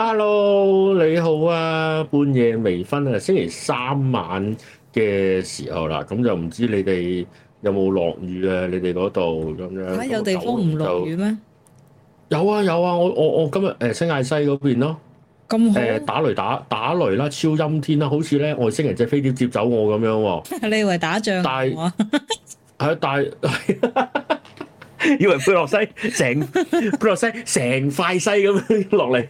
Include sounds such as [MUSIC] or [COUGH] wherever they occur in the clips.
Hello，你好啊，半夜未瞓啊，星期三晚嘅時候啦，咁就唔知你哋有冇落雨啊？你哋嗰度咁樣，嚇有地方唔落雨咩？有啊有啊，我我我今日誒新界西嗰邊咯，咁好啊，打雷打打雷啦，超陰天啦，好似咧外星人隻飛碟接走我咁樣喎，你以為打仗？但，係啊，但。以為佩洛茜，成佩洛茜，成塊西咁落嚟。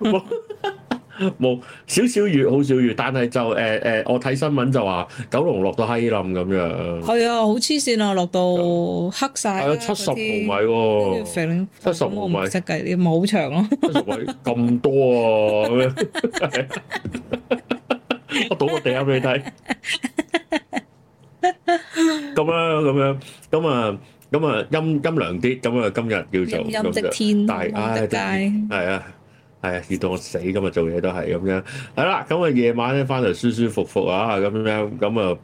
冇冇少少雨，好少雨，但係就誒誒，我睇新聞就話九龍落到閪冧咁樣。係啊，好黐線啊，落到黑晒啦，七十毫米。七十毫米。我唔識計啲，咪好長咯。七十米咁多啊！我倒個地下俾你睇。咁樣，咁樣，咁啊。咁啊，陰陰涼啲，咁啊今日叫做陰極天，陰極街，係啊，係啊，熱到我死，今日做嘢都係咁樣。係啦，咁啊夜晚咧翻嚟舒舒服服啊，咁樣，咁啊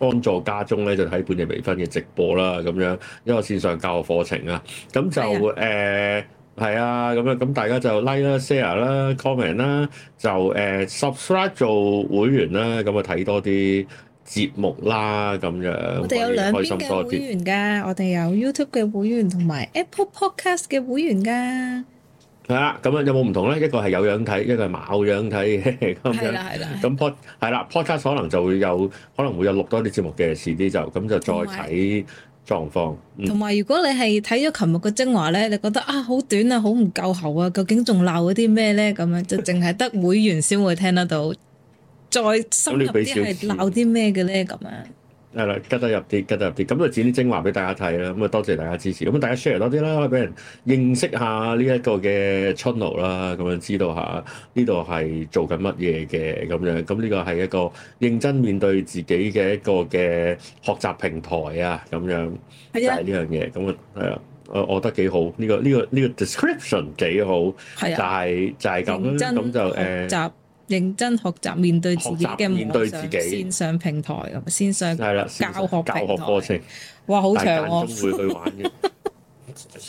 安坐家中咧就睇半夜微醺嘅直播啦，咁樣，因為線上教學課程啊，咁就誒係啊，咁樣，咁大家就 like 啦，share 啦，comment 啦、啊，就誒、呃、subscribe 做會員啦，咁啊睇多啲。節目啦，咁樣我哋有兩邊嘅會員噶，我哋有 YouTube 嘅會員同埋 Apple Podcast 嘅會員噶。係啦，咁樣有冇唔同咧？一個係有樣睇，一個係冇樣睇嘅咁樣。係啦，係啦。咁 Pod 係啦，Podcast 可能就會有可能會有錄多啲節目嘅，遲啲就咁就再睇狀況。同埋如果你係睇咗琴日嘅精華咧，你覺得啊好短啊，好唔夠喉啊，究竟仲鬧啲咩咧？咁樣就淨係得會員先會聽得到。再深入啲係鬧啲咩嘅咧？咁啊，係 [NOISE] 啦，加得入啲，加得入啲，咁啊剪啲精華俾大家睇啦。咁啊多謝大家支持。咁大家 share 多啲啦，俾人認識下呢一個嘅 channel 啦。咁樣知道下呢度係做緊乜嘢嘅咁樣。咁呢個係一個認真面對自己嘅一個嘅學習平台啊。咁樣就係呢樣嘢。咁啊係啊，我我覺得幾好。呢、呢個呢個呢個 description 幾好。係啊，就係、係、就係咁咁就誒。學習 欸認真學習面對自己嘅線上線上平台咁，線上係啦，教學教學課程，哇，好長喎，啊！大 [LAUGHS] 間中會去玩嘅。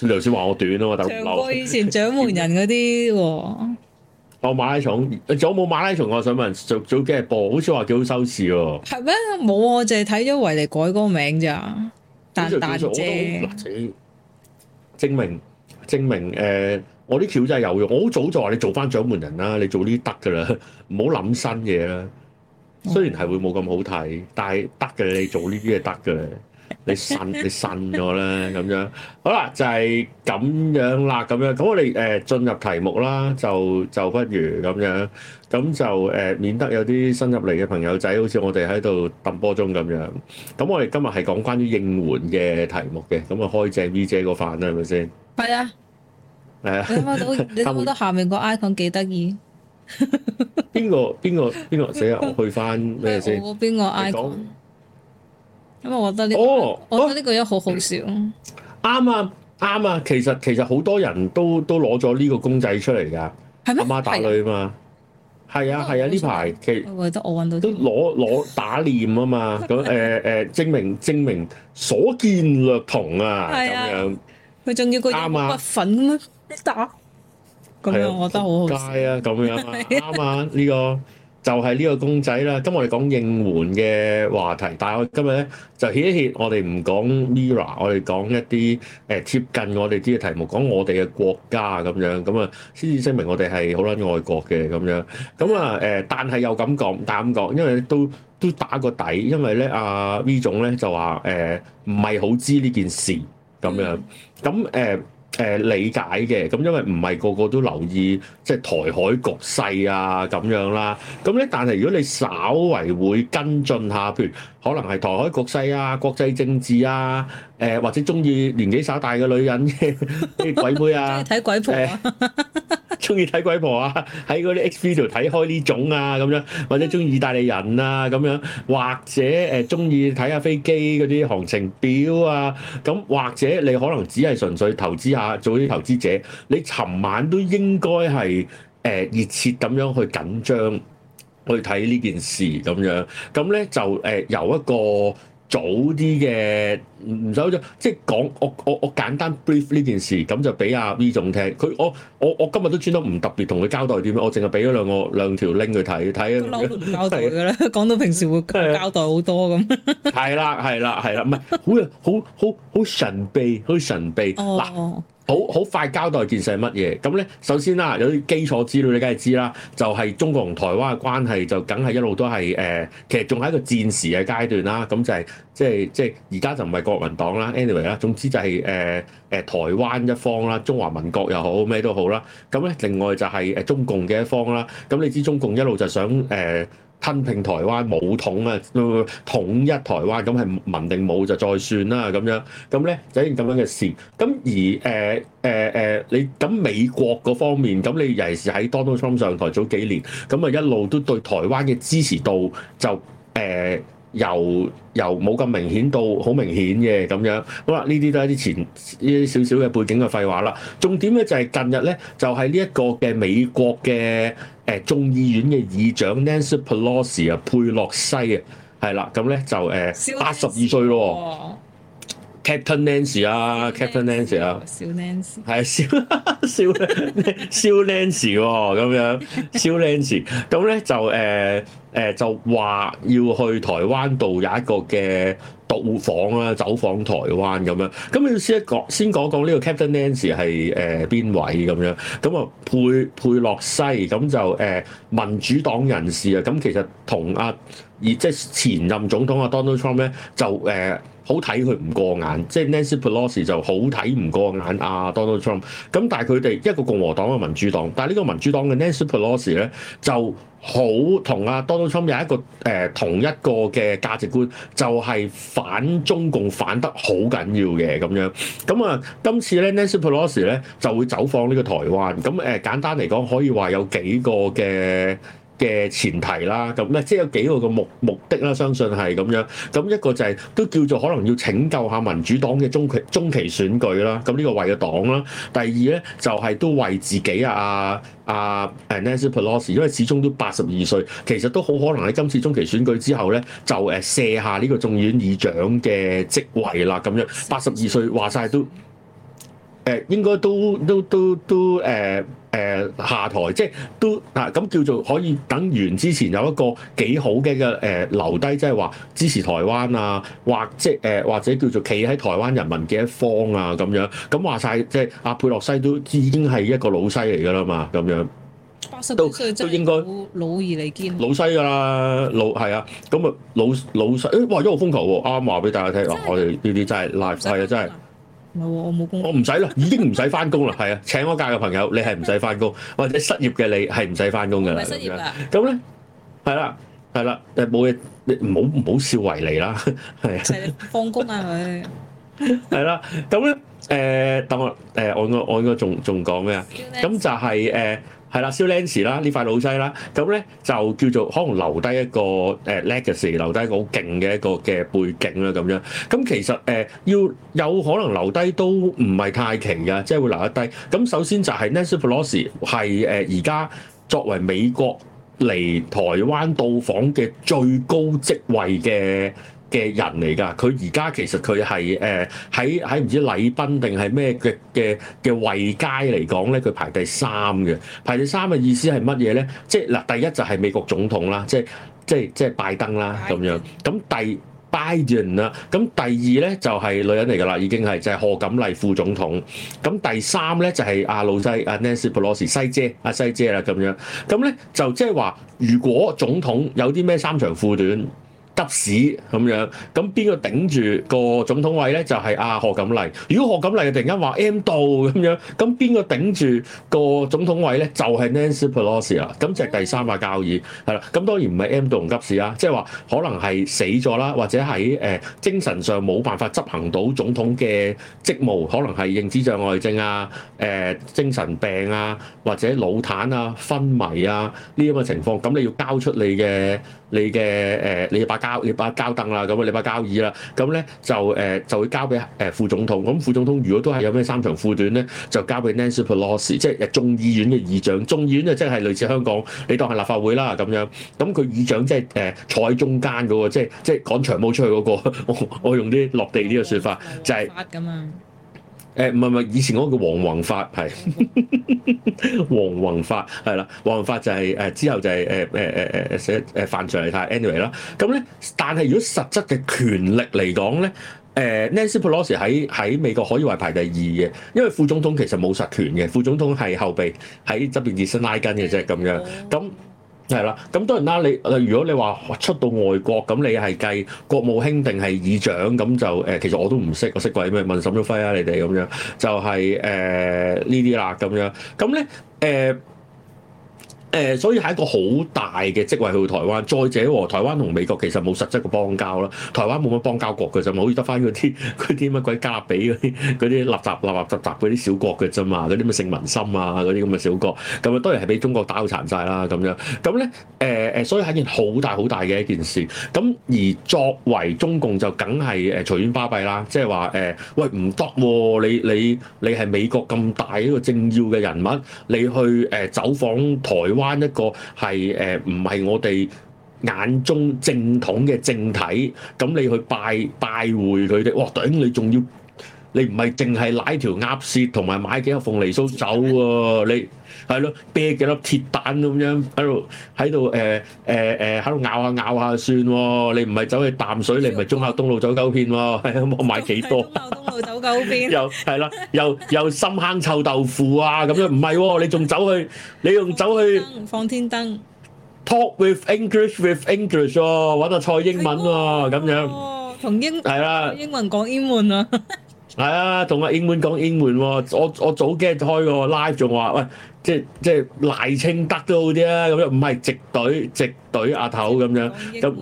你頭先話我短咯，我但係冇。長過以前獎門人嗰啲喎。哦， [LAUGHS] 馬拉松，仲有冇馬拉松？我想問，做咗幾日播？好似話幾好收視喎。係咩？冇，我淨係睇咗維尼改嗰個名咋，但但啫。證明證明，誒。呃我啲橋真係有用，我好早就話你做翻掌門人啦，你做呢啲得㗎啦，唔好諗新嘢啦。雖然係會冇咁好睇，但係得嘅你做呢啲係得嘅，你信你信咗啦咁樣。好啦，就係、是、咁樣啦，咁樣咁我哋誒、呃、進入題目啦，就就不如咁樣，咁就誒、呃、免得有啲新入嚟嘅朋友仔好似我哋喺度揼波鐘咁樣。咁我哋今日係講關於應援嘅題目嘅，咁啊開正 V 姐個飯啦，係咪先？係啊。你冇得，你冇得下，下面 icon [LAUGHS] [LAUGHS] ane、啊、個 icon 幾得意？邊個邊個邊個寫啊？我去翻咩先？邊個 icon？咁我覺得呢，我、哦哎、我覺得呢個嘢好好笑啱啊，啱啊！其實其實好多人都都攞咗呢個公仔出嚟㗎。阿媽打女啊嘛，係啊係啊！呢排其實，我我揾到都攞攞打臉啊嘛。咁誒誒，證明證明所見略同 [LAUGHS] [LAUGHS] [LAUGHS] 啊，咁樣。佢仲要個一百粉啊？一打，咁樣我覺得好好。街啊！咁樣啱啊！呢、 [LAUGHS] 啊這個就係、是、呢個公仔啦。咁我哋講應援嘅話題，但係我今日咧就怯一怯，我哋唔講 Mirror，我哋講一啲誒、呃、貼近我哋啲嘅題目，講我哋嘅國家咁樣，咁啊，先至證明我哋係好撚愛國嘅咁樣。咁啊誒，但係又咁講，但咁講，因為都都打個底，因為咧阿、啊、V 總咧就話誒唔係好知呢件事咁樣。嗯。咁誒誒理解嘅，咁因為唔係個個都留意即係、就是、台海局勢啊咁樣啦，咁咧但係如果你稍為會跟進下，譬如，可能係台海局勢啊、國際政治啊、誒、呃、或者中意年紀耍大嘅女人啲 [LAUGHS] 鬼妹啊，中意睇鬼婆，誒中意睇鬼婆啊，喺嗰啲 Xvideo 睇開呢種啊咁樣，或者中意意大利人啊咁樣，或者誒中意睇下飛機嗰啲行程表啊，咁或者你可能只係純粹投資下做啲投資者，你尋晚都應該係誒、呃、熱切咁樣去緊張。去睇呢件事咁樣，咁咧就誒由、欸、一個早啲嘅唔唔想即係講我我我簡單 brief 呢件事，咁就俾阿 V 仲聽。佢我我我今日都專登唔特別同佢交代點樣，我淨係俾咗兩個兩條 link 佢睇睇。啊、交代㗎啦，講、啊、到平時會交代好多咁。係啦係啦係啦，唔係好好好好神秘好神秘嗱。哦好好快交代件事係乜嘢？咁咧，首先啦，有啲基礎資料你梗係知啦，就係、是、中國同台灣嘅關係就梗係一路都係誒、呃，其實仲係一個戰時嘅階段啦。咁就係、是、即係即係而家就唔係國民黨啦，anyway 啦，總之就係誒誒台灣一方啦，中華民國又好咩都好啦。咁咧，另外就係誒中共嘅一方啦。咁你知中共一路就想誒。呃吞併台灣武統啊，統一台灣咁，係文定武就再算啦咁樣，咁咧就係咁樣嘅事。咁而誒誒誒，你咁美國嗰方面，咁你尤其是喺 Donald Trump 上台早幾年，咁啊一路都對台灣嘅支持度就誒。呃由由冇咁明顯到好明顯嘅咁樣，好啦，呢啲都係啲前呢啲少少嘅背景嘅廢話啦。重點咧就係近日咧就係呢一個嘅美國嘅誒、呃、眾議院嘅議長 Nancy Pelosi 啊佩洛茜啊，係啦，咁咧就誒八十二歲咯。Captain Nancy 啊，Captain Nancy 啊，Nancy 啊小 Nancy、啊、Nancy 係小少少 Nancy 咁樣，小 Nancy 咁咧 [LAUGHS] 就誒誒、呃呃、就話要去台灣度有一個嘅到訪啦，走訪台灣咁樣，咁要先講先講講呢個 Captain Nancy 係誒邊、呃、位咁樣？咁啊佩佩洛西咁就誒、呃、民主黨人士啊，咁其實同阿以即前任總統阿、啊、Donald Trump 咧就誒。呃好睇佢唔過眼，即係 Nancy Pelosi 就好睇唔過眼啊，Donald Trump。咁但係佢哋一個共和黨啊，民主黨，但係呢個民主黨嘅 Nancy Pelosi 咧，就好同啊 Donald Trump 有一個誒同一個嘅價值觀，就係反中共反得好緊要嘅咁樣。咁啊，今次咧 Nancy Pelosi 咧就會走訪呢個台灣。咁誒簡單嚟講，可以話有幾個嘅。嘅前提啦，咁咧即係有幾個個目目的啦，相信係咁樣。咁一個就係、是、都叫做可能要拯救下民主黨嘅中期中期選舉啦。咁呢個為個黨啦。第二咧就係、是、都為自己啊啊啊，Nancy Pelosi，因為始終都八十二歲，其實都好可能喺今次中期選舉之後咧，就誒、呃、卸下呢個眾議院議長嘅職位啦。咁樣八十二歲話晒都誒、呃，應該都都都都誒。呃誒下台即係都啊，咁叫做可以等完之前有一個幾好嘅、嘅誒留低，即係話支持台灣啊，或即係、呃、或者叫做企喺台灣人民嘅一方啊咁樣。咁話晒，即係阿佩洛茜都已經係一個老茜嚟㗎啦嘛，咁樣八十歲真係老、啊、老而嚟見老茜㗎啦，老係啊咁啊老老茜，誒哇一個風球喎，啱話俾大家聽是、啊、我哋呢啲真係 live 係啊真係。冇喎，我冇工。我唔使啦，已經唔使翻工啦，係啊！請我假嘅朋友，你係唔使翻工，或者失業嘅你係唔使翻工㗎啦。失業啦。咁咧，係啦，係啦，誒冇嘢，你唔好唔好笑為你啦，係啊。放工啊佢。係啦，咁咧誒，等我誒，我我我應該仲仲講咩啊？咁就係誒。係啦 s h o l a n c e 啦，呢塊老西啦，咁咧就叫做可能留低一個誒、uh, legacy，留低一個好勁嘅一個嘅背景啦咁樣。咁其實誒、uh, 要有可能留低都唔係太勁嘅，即係會留得低。咁首先就係 Nancy Pelosi 係而家作為美國嚟台灣到訪嘅最高職位嘅嘅人嚟㗎，佢而家其實佢係誒喺喺唔知禮賓定係咩嘅嘅嘅位階嚟講咧，佢排第三嘅，排第三嘅意思係乜嘢咧？即係嗱，第一就係美國總統啦，即係即係即係拜登啦咁樣。咁第拜登啦，咁第二咧就係女人嚟㗎啦，已經係就係、是、賀錦麗副總統。咁第三咧就係阿、啊、老細阿 Nancy Pelosi 西姐，阿西姐啦咁樣。咁咧就即係話，如果總統有啲咩三長褲短？急屎咁樣，咁邊個頂住個總統位咧？就係阿賀錦麗。如果賀錦麗突然間話 M 度咁樣，咁邊個頂住個總統位咧？就係、是、Nancy Pelosi 啦。咁就第三把交椅係啦。咁當然唔係 M 度同急屎啦，即係話可能係死咗啦，或者喺誒、呃、精神上冇辦法執行到總統嘅職務，可能係認知障礙症啊、誒、呃、精神病啊，或者腦癱啊、昏迷啊呢啲咁嘅情況，咁你要交出你嘅。你嘅誒，你把交你把交凳啦，咁啊，你把交椅啦，咁咧就誒、呃、就會交俾誒副總統。咁副總統如果都係有咩三長兩短咧，就交俾 Nancy Pelosi，即係眾議院嘅議長。眾議院啊，即係類似香港，你當係立法會啦咁樣。咁佢議長即係誒坐喺中間嗰個，即係即係趕長毛出去嗰、那個。我我用啲落地呢個説法，就係。誒唔係唔係，以前嗰個叫黃宏發係， [LAUGHS] 黃宏發係啦，黃宏發就係、是、誒、呃、之後就係誒誒誒誒寫誒范徐麗泰 anyway 啦。咁咧，但係如果實質嘅權力嚟講咧，誒、呃、Nancy Pelosi 喺喺美國可以話排第二嘅，因為副總統其實冇實權嘅，副總統係後備喺側邊熱身拉筋嘅啫咁樣咁。係啦，咁當然啦，你如果你話出到外國，咁你係計國務卿定係議長，咁就誒、呃，其實我都唔識，我識鬼咩、欸？問沈旭輝啊，你哋咁樣，就係誒呢啲啦，咁樣，咁咧誒。呃誒、呃，所以係一個好大嘅職位去台灣。再者台灣同美國其實冇實質嘅邦交啦，台灣冇乜邦交國嘅就咪好似得翻嗰啲嗰啲乜鬼加勒比嗰啲啲立雜立立雜立雜啲小國嘅啫嘛，嗰啲乜聖文森啊嗰啲咁嘅小國，咁啊當然係俾中國打到殘曬啦咁樣。咁咧誒誒，所以係一件好大好大嘅一件事。咁而作為中共就梗係誒隨便巴閉啦，即係話誒喂唔得喎，你你你係美國咁大一個政要嘅人物，你去誒、呃、走訪台灣。翻一個係誒，唔係我哋眼中正統嘅正體，咁你去拜拜會佢哋，哇！頂你仲要，你唔係淨係攋條鴨舌同埋買幾個鳳梨酥走喎，啊，你？係咯，啤幾粒鐵蛋咁樣喺度喺度誒誒誒喺度咬下咬下算喎。你唔係走去淡水，你唔係忠孝東路走九遍喎。係啊，冇買幾多。忠孝東路走九遍。又係啦，又又深坑臭豆腐啊咁樣。唔係喎，你仲走去你仲走去放天燈。Talk with English with English 喎，揾阿蔡英文喎咁樣。同英係啦，英文講英文啊。係啊，同阿英文講英文喎。我我早幾日開個 live 仲話喂。即係即係賴清德都好啲啊，咁又唔係直隊直隊阿頭咁樣咁，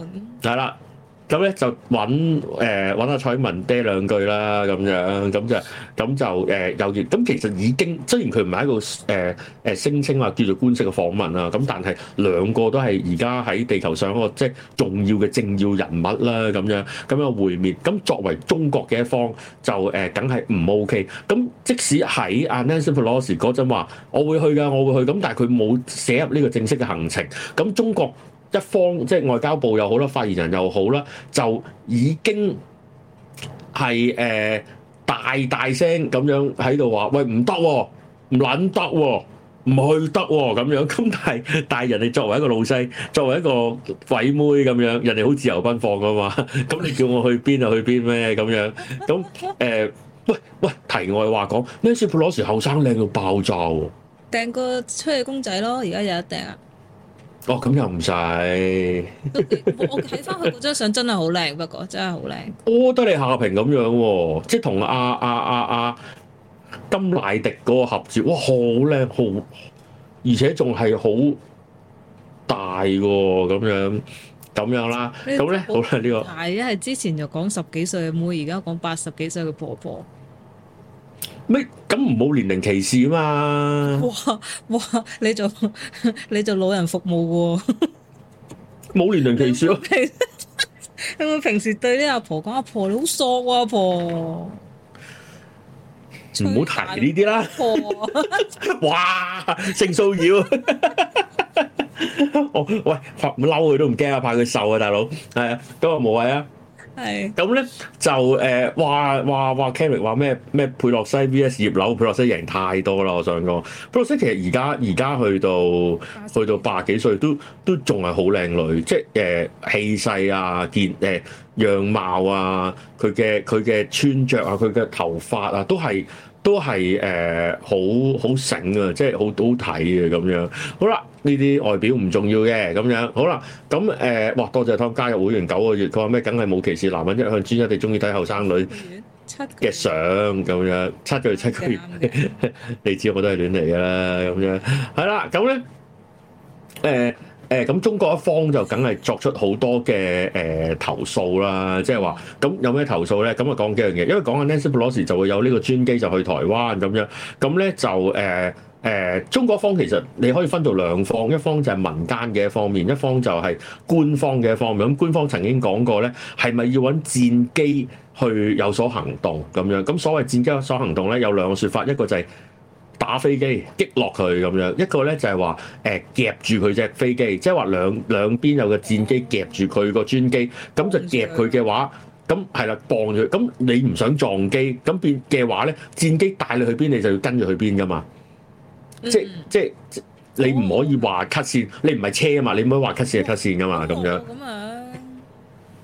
係啦。就咁咧就揾誒揾下蔡文爹兩句啦，咁樣咁就咁就誒有意。咁、呃、其實已經雖然佢唔係一個誒誒聲稱話叫做官式嘅訪問啊，咁但係兩個都係而家喺地球上一個即係重要嘅政要人物啦，咁樣咁樣會面。咁作為中國嘅一方，就誒梗係唔 OK。咁即使喺阿 Nancy Pelosi 嗰陣話我會去㗎，我會去。咁但係佢冇寫入呢個正式嘅行程。咁中國一方即係外交部又好啦，發言人又好啦，就已經係誒、呃、大大聲咁樣喺度話：喂，唔得、啊，唔撚得，唔去得咁、啊、樣。咁但係但係人哋作為一個老細，作為一個鬼妹咁樣，人哋好自由奔放噶嘛。咁你叫我去邊就、啊、去邊咩咁樣？咁誒、呃、喂喂題外話講，咩師傅攞住後生靚到爆炸喎、啊？掟個出氣公仔咯，而家有一掟。啊！哦，咁又唔使。 [LAUGHS] 我睇翻佢嗰張相真係好靚，不過真係好靚。我、哦、得你下平咁樣喎、哦，即係同阿阿阿阿甘迺迪嗰個合照，哇，好、哦、靚，好，好而且仲係好大喎、哦，咁樣咁樣啦，咁咧好啦呢、呢個。係因為之前就講十幾歲嘅妹，妹，而家講八十幾歲嘅婆婆。咩咁唔冇年齡歧視啊嘛？哇哇，你做你做老人服務嘅，冇 [LAUGHS] 年齡歧視咯。我 [LAUGHS] 平時對啲阿婆講：阿婆你好索啊！阿婆，唔好提呢啲啦。 [LAUGHS] 哇，性騷擾。我、 [LAUGHS] 哦、喂，嬲佢都唔驚啊，怕佢瘦啊，大佬係啊，都我冇謂啊。係，咁咧就誒話話話 Camry 話咩咩佩洛茜 V.S 葉劉，佩洛茜贏太多啦！我想講，佩洛茜其實而家而家去到去到八十幾歲都都仲係好靚女，即係誒、呃、氣勢啊、見誒、呃、樣貌啊、佢嘅佢嘅穿着啊、佢嘅頭髮啊，都係。都係誒好好醒啊，即係好好睇嘅咁樣。好啦，呢啲外表唔重要嘅咁樣。好啦，咁誒，哇、呃！多謝湯加入會員九個月，佢話咩？梗係冇歧視男人一向專一地中意睇後生女嘅相咁樣。七對七個月，七個月 [LAUGHS] 你知我都係亂嚟嘅啦。咁樣係啦，咁咧誒。誒咁、嗯、中國一方就梗係作出好多嘅誒、呃、投訴啦，即係話咁有咩投訴咧？咁啊講幾樣嘢，因為講緊 Nancy Pelosi 時就會有呢個專機就去台灣咁樣，咁咧就誒誒、呃呃、中國方其實你可以分到兩方，一方就係民間嘅方面，一方就係官方嘅方面。咁、嗯、官方曾經講過咧，係咪要揾戰機去有所行動咁樣？咁、嗯、所謂戰機有所行動咧，有兩個説法，一個就係、是。打飛機擊落佢咁樣，一個咧就係話誒夾住佢隻飛機，即係話兩兩邊有個戰機夾住佢個專機，咁就夾佢嘅話，咁係啦，撞住佢，咁你唔想撞機，咁變嘅話咧，戰機帶你去邊，你就要跟住去邊噶嘛，嗯、即即係、嗯、你唔可以話 cut 線，你唔係車啊嘛，你唔可以話 cut 線係 cut 線噶嘛，咁、嗯、樣。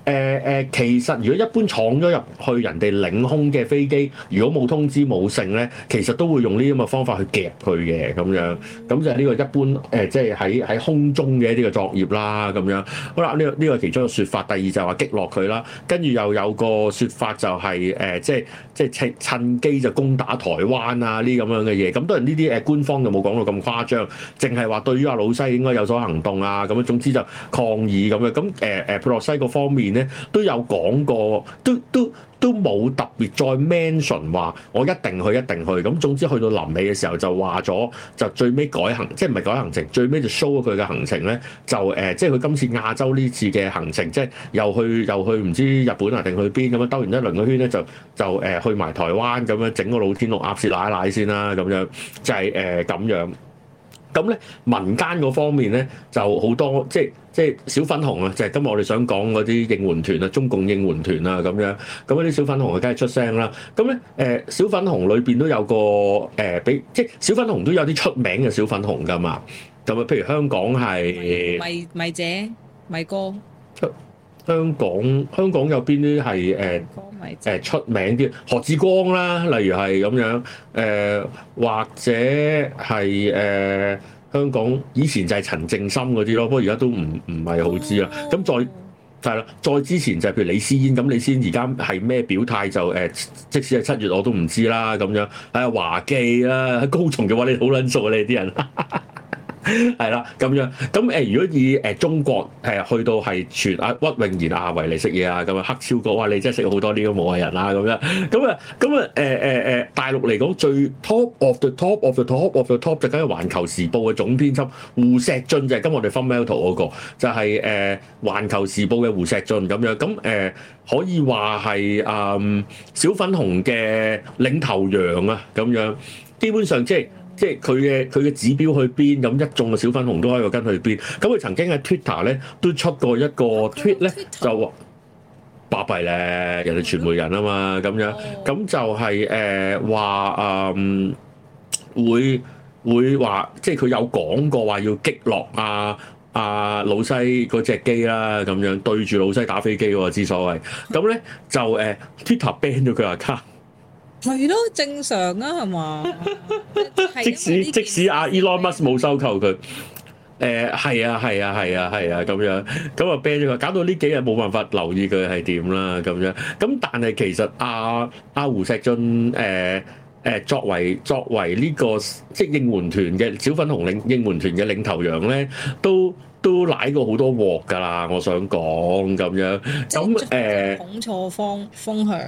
誒誒、呃，其實如果一般闖咗入去人哋領空嘅飛機，如果冇通知冇聲咧，其實都會用呢啲咁嘅方法去夾佢嘅咁樣，咁就係呢個一般誒，即係喺喺空中嘅呢個作業啦咁樣。好啦，呢、這個呢、這個係其中嘅説法。第二就話擊落佢啦，跟住又有個説法就係、是、誒、呃，即係即係趁趁機就攻打台灣啊呢咁樣嘅嘢。咁當然呢啲誒官方就冇講到咁誇張，淨係話對於阿老茜應該有所行動啊咁樣。總之就抗議咁樣。咁誒誒，佩洛茜嗰方面。咧都有講過，都都都冇特別再 mention 話我一定去，一定去。咁總之去到臨尾嘅時候就話咗，就最尾改行，即係唔係改行程？最尾就 show 咗佢嘅行程咧，就誒、呃，即係佢今次亞洲呢次嘅行程，即係又去又去唔知日本啊定去邊咁樣兜完一輪個圈咧，就就誒、呃、去埋台灣咁樣整個老天龍鴨舌奶奶先啦、啊、咁樣，就係誒咁樣。咁咧民間嗰方面咧就好多，即係即係小粉紅啊！就係今日我哋想講嗰啲應援團啊，中共應援團啊咁樣，咁嗰啲小粉紅啊，梗係出聲啦。咁咧誒，小粉紅裏邊都有個誒，比、呃、即係小粉紅都有啲出名嘅小粉紅噶嘛。咁啊，譬如香港係咪米姐、米哥。香港，香港有邊啲係誒誒出名啲？何志光啦，例如係咁樣誒、呃，或者係誒、呃、香港以前就係陳靜心嗰啲咯，不過而家都唔唔係好知啦。咁、哦、再係啦、就是，再之前就係、是、譬如李思嫣，咁，李思嫣而家係咩表態就誒、呃，即使係七月我都唔知啦咁樣。啊華記啦，喺高層嘅話你好撚熟、啊、你啲人。 [LAUGHS] 係啦，咁 [LAUGHS] 樣咁誒，如果以誒、呃、中國誒、呃、去到係全阿、呃、屈穎妍啊維嚟食嘢啊咁樣黑超哥，哇！你真係食好多呢個冇畏人啊咁樣咁啊咁啊誒誒誒大陸嚟講最 top of the top of the top of the top, of the top 就梗係、就是那個就是呃《環球時報》嘅總編輯胡錫進就係今我哋 final 圖嗰個，就係誒《環球時報》嘅胡錫進咁樣咁誒，可以話係誒小粉紅嘅領頭羊啊咁樣，基本上即、就、係、是。即係佢嘅佢嘅指標去邊，咁一眾嘅小粉紅都喺度跟佢去邊。咁佢曾經喺 Twitter 咧都出過一個 tweet 咧，就話巴閉咧，人哋傳媒人啊嘛，咁樣咁就係誒話誒會會話，即係佢有講過話要擊落啊啊老茜嗰隻機啦，咁樣對住老茜打飛機喎，之所謂。咁咧就誒 Twitter ban 咗佢話卡。係都正常啊，係嘛 [LAUGHS] ？即使即、e、使阿 Elon Musk 冇收購佢，誒、 [LAUGHS] 呃，係啊，係啊，係啊，係啊，咁樣咁啊，啤咗佢，搞到呢幾日冇辦法留意佢係點啦，咁樣。咁但係其實阿、啊、阿、啊啊、胡錫進，誒、呃、誒，作為作為呢、這個即應援團嘅小粉紅領應援團嘅領頭羊咧，都都舐過好多鑊噶啦，我想講咁樣。咁誒，捧錯風風向。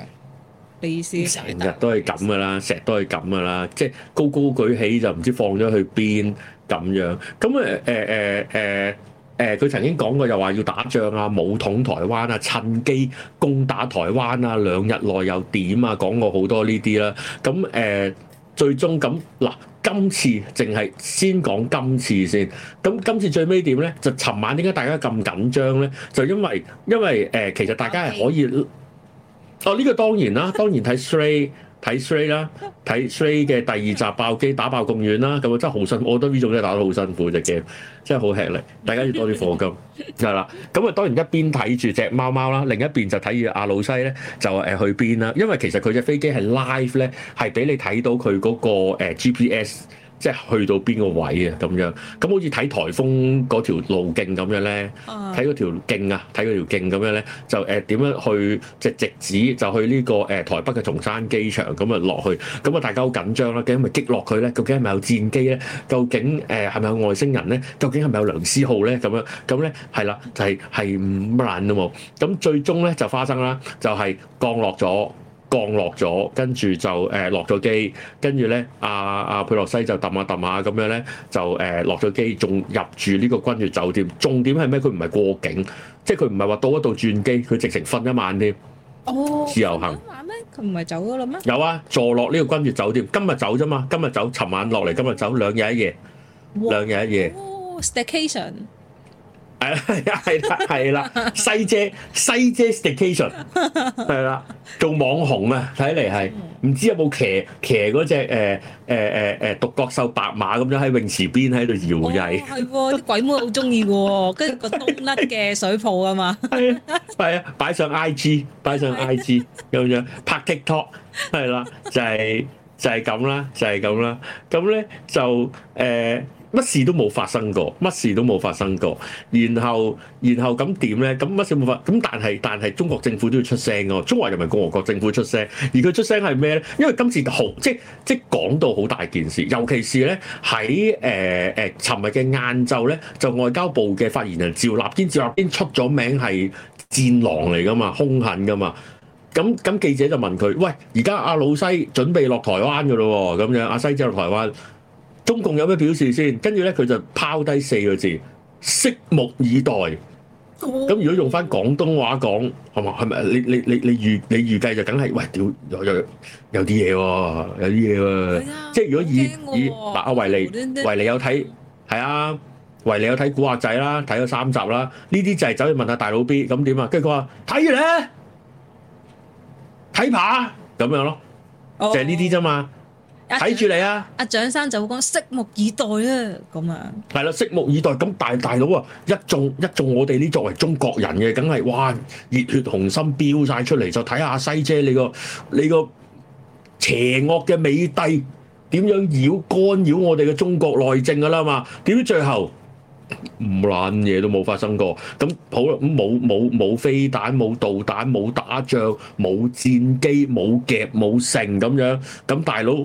成日都係咁噶啦，成日都係咁噶啦，啦即係高高舉起就唔知放咗去邊咁樣。咁誒誒誒誒誒，佢、欸欸欸欸、曾經講過又話要打仗啊，武統台灣啊，趁機攻打台灣啊，兩日內又點啊，講過好多呢啲啦。咁誒、欸，最終咁嗱，今次淨係先講今次先。咁今次最尾點咧？就尋晚點解大家咁緊張咧？就因為因為誒、呃，其實大家係可以。Okay. 哦，呢、呢個當然啦，當然睇 Stray 睇 Stray 啦，睇 Stray 嘅第二集爆機打爆咁遠啦，咁啊真係好辛苦，我覺得呢種真係打得好辛苦，隻 game 真係好吃力，大家要多啲課金係啦。咁啊當然一邊睇住隻貓貓啦，另一邊就睇住阿老茜咧，就誒去邊啦。因為其實佢隻飛機係 live 咧，係俾你睇到佢嗰個誒 GPS。即係去到邊個位啊？咁樣咁好似睇颱風嗰條路徑咁樣咧，睇嗰條徑啊，睇嗰條徑咁樣咧，就誒點、呃、樣去即係直指就去呢、呢個誒、呃、台北嘅松山機場咁啊落去。咁啊大家好緊張啦，究竟係咪擊落佢咧？究竟係咪有戰機咧？究竟誒係咪有外星人咧？究竟係咪有梁思浩咧？咁樣咁咧係啦，就係係唔乜爛都冇。咁最終咧就發生啦，就係、係、降落咗。降落咗，跟住就誒落咗機，跟住咧阿阿佩洛西就揼下揼下咁樣咧，就誒落咗機，仲、呃、入住呢個君悅酒店。重點係咩？佢唔係過境，即係佢唔係話到嗰度轉機，佢直情瞓一晚添。哦，自由行。瞓一晚咩？佢唔係走咗啦咩？有啊，坐落呢個君悅酒店，今日走啫嘛，今日走，尋晚落嚟，今日走，兩日一夜，兩日一夜。Staycation。係啦，係啦，係啦，西姐，西姐 station，係啦，做網紅啊，睇嚟係，唔知有冇騎騎嗰隻誒誒誒誒獨角瘦白馬咁樣喺泳池邊喺度搖曳，係喎，啲鬼妹好中意嘅喎，跟住個東甩嘅水泡啊嘛，係啊，係啊，擺上 IG，擺上 IG 咁樣拍 TikTok，係啦，就係就係咁啦，就係咁啦，咁咧就誒。乜事都冇發生過，乜事都冇發生過。然後，然後咁點呢？咁乜事冇發？咁但係，但係中國政府都要出聲咯。中華人民共和國政府出聲，而佢出聲係咩呢？因為今次好，即即講到好大件事，尤其是呢，喺誒誒尋日嘅晏晝呢，就外交部嘅發言人趙立堅，趙立堅出咗名係戰狼嚟噶嘛，兇狠噶嘛。咁、嗯、咁、嗯嗯、記者就問佢：喂，而家阿老西準備落台灣噶咯喎？咁樣阿西之後落台灣。中共有咩表示先？跟住咧，佢就拋低四個字，拭目以待。咁、oh. 如果用翻廣東話講，係咪？係咪？你你你你預你預計就梗係喂，屌有有有啲嘢喎，有啲嘢喎。哦哦 oh. 即係如果以、oh. 以嗱阿、啊、維利維利有睇，係啊，維利有睇古惑仔啦，睇咗三集啦。問問 B，呢啲就係走去問下大佬 B，咁點啊？跟住佢話睇完咧，睇怕咁樣咯，oh. 就係呢啲啫嘛。睇住你啊！阿蔣生就會講，拭目以待啊，咁啊，係啦，拭目以待。咁大大佬啊，一眾一眾我哋呢，作為中國人嘅，梗係哇，熱血紅心飆晒出嚟，就睇下茜姐你個你個邪惡嘅美帝點樣擾干擾我哋嘅中國內政噶啦嘛？點知最後，爛嘢都冇發生過。咁好啦，咁冇冇冇飛彈，冇導彈，冇打仗，冇戰機，冇夾冇剩咁樣。咁大佬。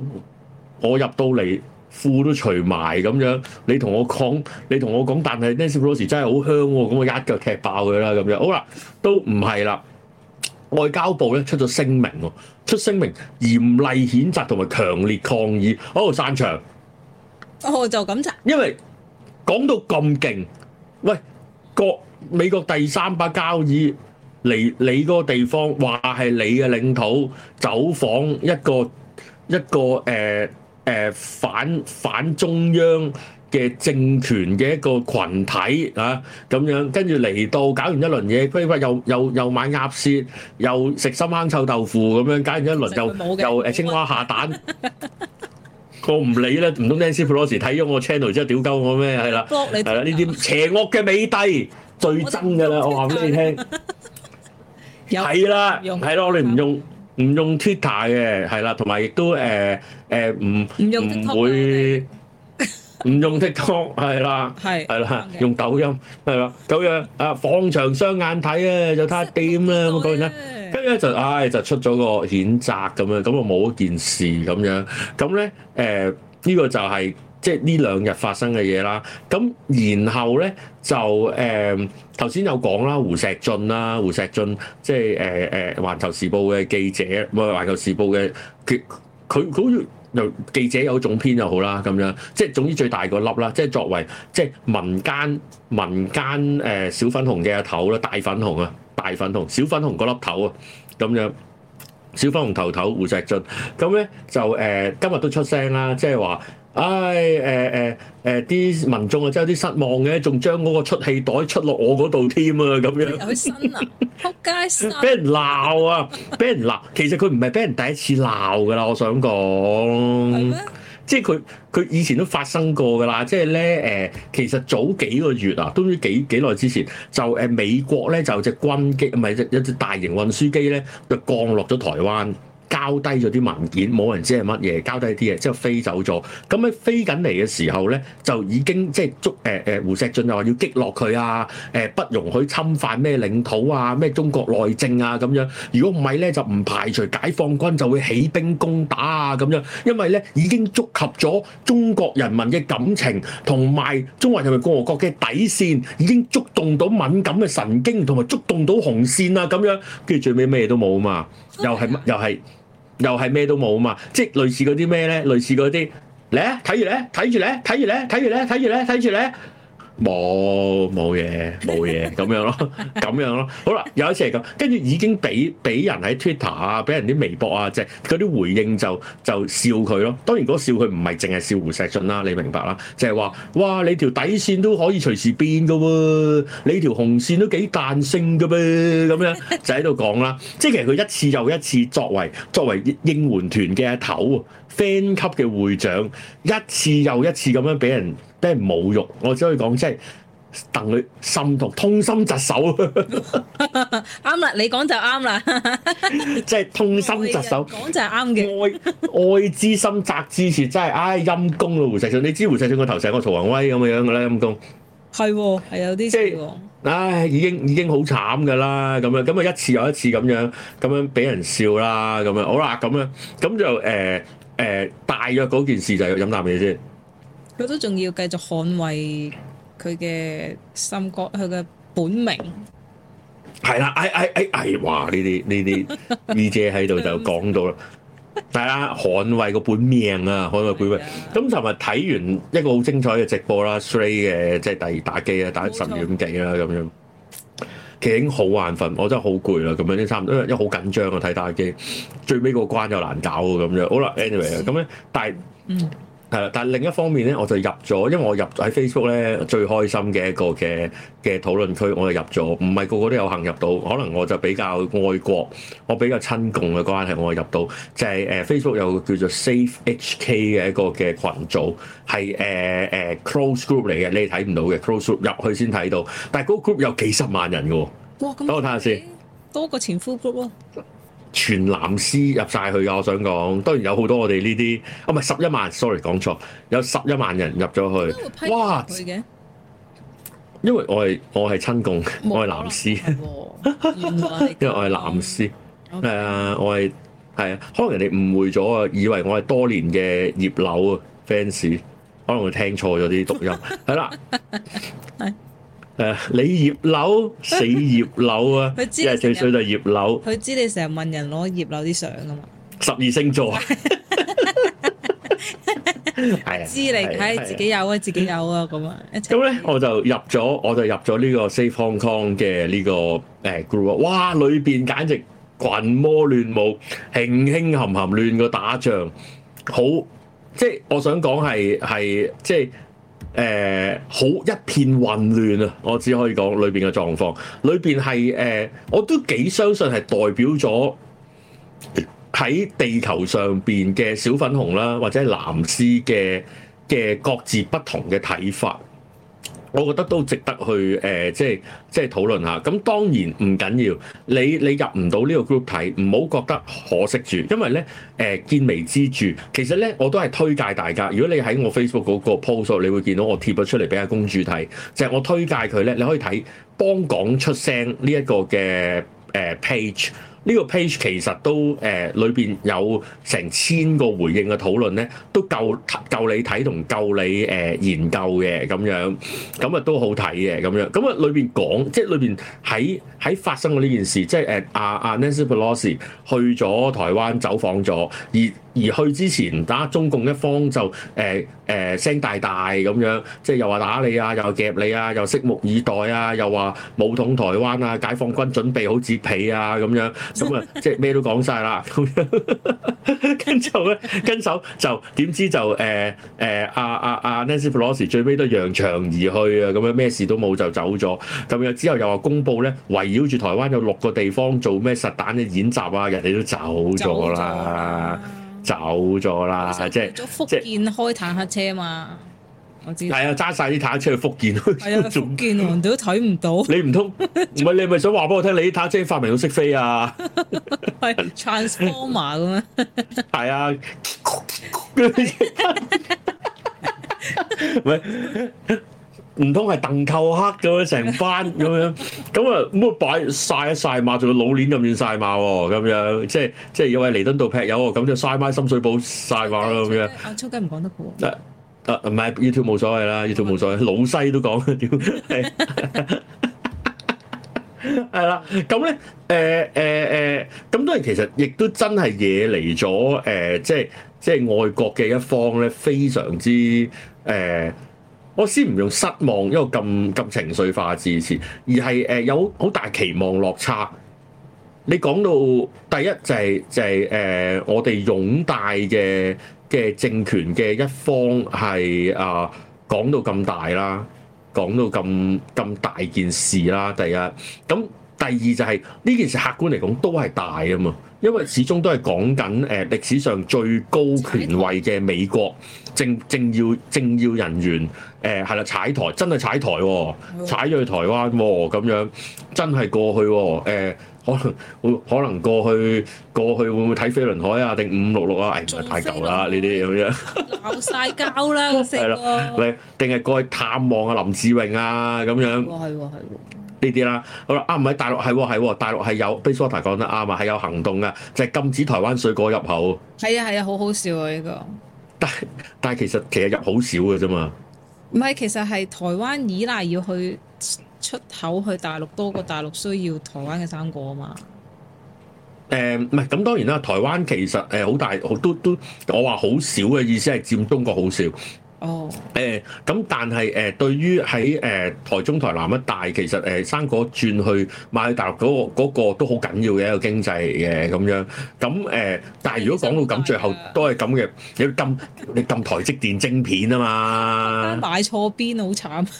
我入到嚟褲都除埋咁樣，你同我講，你同我講，但係 Nancy Pelosi 真係好香喎，啊，咁我一腳踢爆佢啦咁樣。好啦，都唔係啦，外交部咧出咗聲明喎，出聲明嚴厲譴責同埋強烈抗議，嗰度散場。哦，就咁咋，因為講到咁勁，喂，國美國第三把交椅嚟你個地方，話係你嘅領土，走訪一個一個誒。誒反反中央嘅政權嘅一個群體啊，咁樣跟住嚟到搞完一輪嘢，跟住又又又買鴨舌，又食深坑臭豆腐咁樣，搞完一輪就又誒青蛙下蛋，我唔理啦，唔通 Nancy Pelosi 睇咗我 channel 之後屌鳩我咩？係啦，係啦，呢啲邪惡嘅美帝最憎噶啦，我話俾你聽，係啦，係咯，我哋唔用.唔用 Twitter 嘅，係啦，同埋亦都誒誒唔唔會唔用 TikTok，係啦，係係啦，用抖音係啦，咁樣啊放長雙眼睇啊，就睇下點啦，咁樣講完咧，跟住咧就唉、哎、就出咗個譴責咁樣，咁就冇一件事咁樣，咁咧誒呢、呃呢個就係、係。即係呢兩日發生嘅嘢啦，咁然後咧就誒頭先有講啦，胡錫進啦，胡錫進即係誒誒環球時報嘅記者，唔、呃、係環球時報嘅佢佢佢好似又記者有總編又好啦咁樣，即係總之最大個粒啦，即係作為即係民間民間誒、呃、小粉紅嘅頭啦，大粉紅啊，大粉紅，小粉紅嗰粒頭啊，咁樣小粉紅頭頭胡錫進，咁咧就誒、呃、今日都出聲啦，即係話。唉，誒誒誒，啲、呃呃、民眾啊，真係有啲失望嘅，仲將嗰個出氣袋出落我嗰度添啊，咁樣。有新啊，仆街！俾人鬧啊，俾人鬧。其實佢唔係俾人第一次鬧㗎啦，我想講。嗎即係佢佢以前都發生過㗎啦。即係咧誒，其實早幾個月啊，都唔知幾幾耐之前，就誒美國咧就隻軍機唔係隻有隻大型運輸機咧，就降落咗台灣。交低咗啲文件，冇人知係乜嘢，交低啲嘢之後飛走咗。咁喺飛緊嚟嘅時候咧，就已經即係捉誒誒胡錫進又話要擊落佢啊！誒、呃、不容許侵犯咩領土啊，咩中國內政啊咁樣。如果唔係咧，就唔排除解放軍就會起兵攻打啊咁樣。因為咧已經觸及咗中國人民嘅感情，同埋中華人民共和國嘅底線已經觸動到敏感嘅神經，同埋觸動到紅線啊咁樣。跟住最尾咩都冇嘛，又係乜又係。又又係咩都冇嘛，即係類似嗰啲咩咧，類似嗰啲咧，睇住咧，睇住咧，睇住咧，睇住咧，睇住咧，睇住咧。冇冇嘢冇嘢咁樣咯，咁樣咯，好啦，有一次係咁，跟住已經俾俾人喺 Twitter 啊，俾人啲微博啊，即係嗰啲回應就就笑佢咯。當然嗰笑佢唔係淨係笑胡錫進啦，你明白啦，就係、是、話哇，你條底線都可以隨時變噶喎、啊，你條紅線都幾彈性噶噃咁樣就喺度講啦。即係其實佢一次又一次作為作為應援團嘅頭啊，fan [LAUGHS] 級嘅會長，一次又一次咁樣俾人。俾人侮辱，我只可以講即係戥佢心痛，痛心疾首。啱啦，你講就啱啦。即係痛心疾首，講就係啱嘅。愛愛之心責之切，真係唉，陰公啊！胡錫進，你知胡錫進個頭像個曹宏威咁樣嘅喇，陰公係係有啲即係唉，已經已經好慘噶啦，咁樣咁啊，一次又一次咁樣咁樣俾人笑啦，咁樣好啦，咁樣咁就誒誒，大約嗰件事就飲啖嘢先。佢都仲要繼續捍衞佢嘅心國，佢嘅本名係啦，哎哎哎哎，哇！呢啲呢啲 E 姐喺度就講到啦，大家捍衞個本命啊，捍衞本命。咁尋日睇完一個好精彩嘅直播啦 Three 嘅即係第二打機啊，打十二點幾啦咁樣，其實已經好眼瞓，我真係好攰啦，咁樣都差唔多，因為好緊張啊，睇打機最尾個關又難搞啊，咁樣。好啦，Anyway 咁樣，但係嗯。係啦，但係另一方面咧，我就入咗，因為我入喺 Facebook 咧最開心嘅一個嘅嘅討論區，我就入咗，唔係個個都有幸入到，可能我就比較愛國，我比較親共嘅關係，我入到就係、係、誒 Facebook 有個叫做 Safe HK 嘅一個嘅群組，係誒誒 Close Group 嚟嘅，你睇唔到嘅 Close Group 入去先睇到，但係嗰個 group 有幾十萬人嘅，等我睇下先，多過前夫 group 喎、啊。全藍絲入晒去嘅，我想講，當然有好多我哋呢啲，啊唔係十一萬，sorry 講錯，有十一萬人入咗去，去哇！因為我係我係親共，沒 我係藍絲， [LAUGHS] 因為我係藍絲，係啊、 [LAUGHS] uh，我係係啊，可能人哋誤會咗啊，以為我係多年嘅葉柳 fans，可能會聽錯咗啲讀音，係啦 [LAUGHS] 了。 [LAUGHS] 誒，你葉柳死葉柳啊！佢知一係最衰就葉柳。佢知你成日問人攞葉柳啲相啊嘛？十二星座係啊，知你睇自己有啊，自己有啊咁啊。咁咧我就入咗，我就入咗呢個 Safe Hong Kong 嘅呢個誒 group 啊！哇，裏邊簡直群魔亂舞，輕輕冚冚亂過打仗，好即係我想講係係即係。誒、呃、好一片混亂啊！我只可以講裏邊嘅狀況，裏邊係誒，我都幾相信係代表咗喺地球上邊嘅小粉紅啦、啊，或者藍絲嘅嘅各自不同嘅睇法。我覺得都值得去誒、呃，即係即係討論下。咁當然唔緊要，你你入唔到呢個 group 睇，唔好覺得可惜住。因為咧誒、呃，見微知著。其實咧，我都係推介大家。如果你喺我 Facebook 嗰個 post，你會見到我貼咗出嚟俾阿公主睇，就係、是、我推介佢咧，你可以睇幫港出聲呢一個嘅誒 page。呢個 page 其實都誒裏邊有成千個回應嘅討論咧，都夠夠你睇同夠你誒研究嘅咁樣，咁啊都好睇嘅咁樣，咁啊裏邊講即係裏邊喺喺發生過呢件事，即係誒阿、啊、阿、啊啊、Nancy Pelosi 去咗台灣走訪咗而。而去之前，打、啊、中共一方就誒誒聲大大咁樣，即係又話打你啊，又夾你啊，又拭目以待啊，又話武統台灣啊，解放軍準備好紙皮啊咁樣，咁啊即係咩都講晒啦咁樣，跟住咧跟手就點知就誒誒阿阿阿 Nancy Pelosi 最尾都揚長而去啊，咁樣咩事都冇就走咗，咁樣之後又話公佈咧，圍繞住台灣有六個地方做咩實彈嘅演習啊，人哋都走咗啦。走咗啦，即係福建開坦克車嘛，是我知道係啊，揸晒啲坦克車去福建，係啊、 [LAUGHS] 哎，福建望到都睇唔到。 [LAUGHS] 你唔通唔係，你咪想話俾我聽，你啲坦克車發明到識飛啊？係 [LAUGHS] Transformer 咁 [LAUGHS] [LAUGHS] 啊？係啊。 [LAUGHS] [LAUGHS] 唔通係鄧寇克咁樣成班咁樣，咁啊咁啊擺晒一晒馬，仲要老練咁樣晒馬喎，咁樣即係即係喺彌敦道劈友喎，咁就晒埋深水埗晒馬咯咁樣。阿超雞唔講得喎。唔係，uh, uh, YouTube 冇所謂啦，YouTube 冇所謂，老西都講。點？係啦，咁咧誒誒誒，咁當然其實亦都真係惹嚟咗誒，即係即係外國嘅一方咧，非常之誒。呃我先唔用失望一個咁咁情緒化嘅字詞，而係誒、呃、有好大期望落差。你講到第一就係、是、就係、是、誒、呃、我哋擁戴嘅嘅政權嘅一方係啊、呃、講到咁大啦，講到咁咁大件事啦。第一咁第二就係、是、呢件事，客觀嚟講都係大啊嘛。因為始終都係講緊誒歷史上最高權位嘅美國政政要政要人員，誒係啦，踩台真係踩台，哦嗯，踩咗去台灣咁，哦，樣真係過去誒，哦呃，可能會可能過去過去會唔會睇飛輪海啊定五六六啊，誒唔係太舊啦，呢啲咁樣鬧晒交啦，係啦，你定係過去探望阿林志穎啊咁樣。呢啲啦，好啦，啊唔係大陸係喎係喎，大陸係有，base reporter 講得啱啊，係有行動噶，就係、是、禁止台灣水果入口。係啊係啊，好好笑啊呢、這個。但但係其實其實入好少嘅啫嘛。唔係，其實係台灣依賴要去出口去大陸多過大陸需要台灣嘅生果啊嘛。誒唔係咁當然啦，台灣其實誒好大，都都我話好少嘅意思係佔中國好少。哦，誒咁、oh. 呃，但係誒、呃、對於喺誒台中、台南一帶，其實誒、呃、生果轉去賣去大陸嗰、那個、那個、都好緊要嘅一個經濟嚟嘅咁樣，咁誒、呃，但係如果講到咁，最後都係咁嘅，你要撳 [LAUGHS] 你撳台積電晶片啊嘛， [LAUGHS] 買錯邊好慘。 [LAUGHS]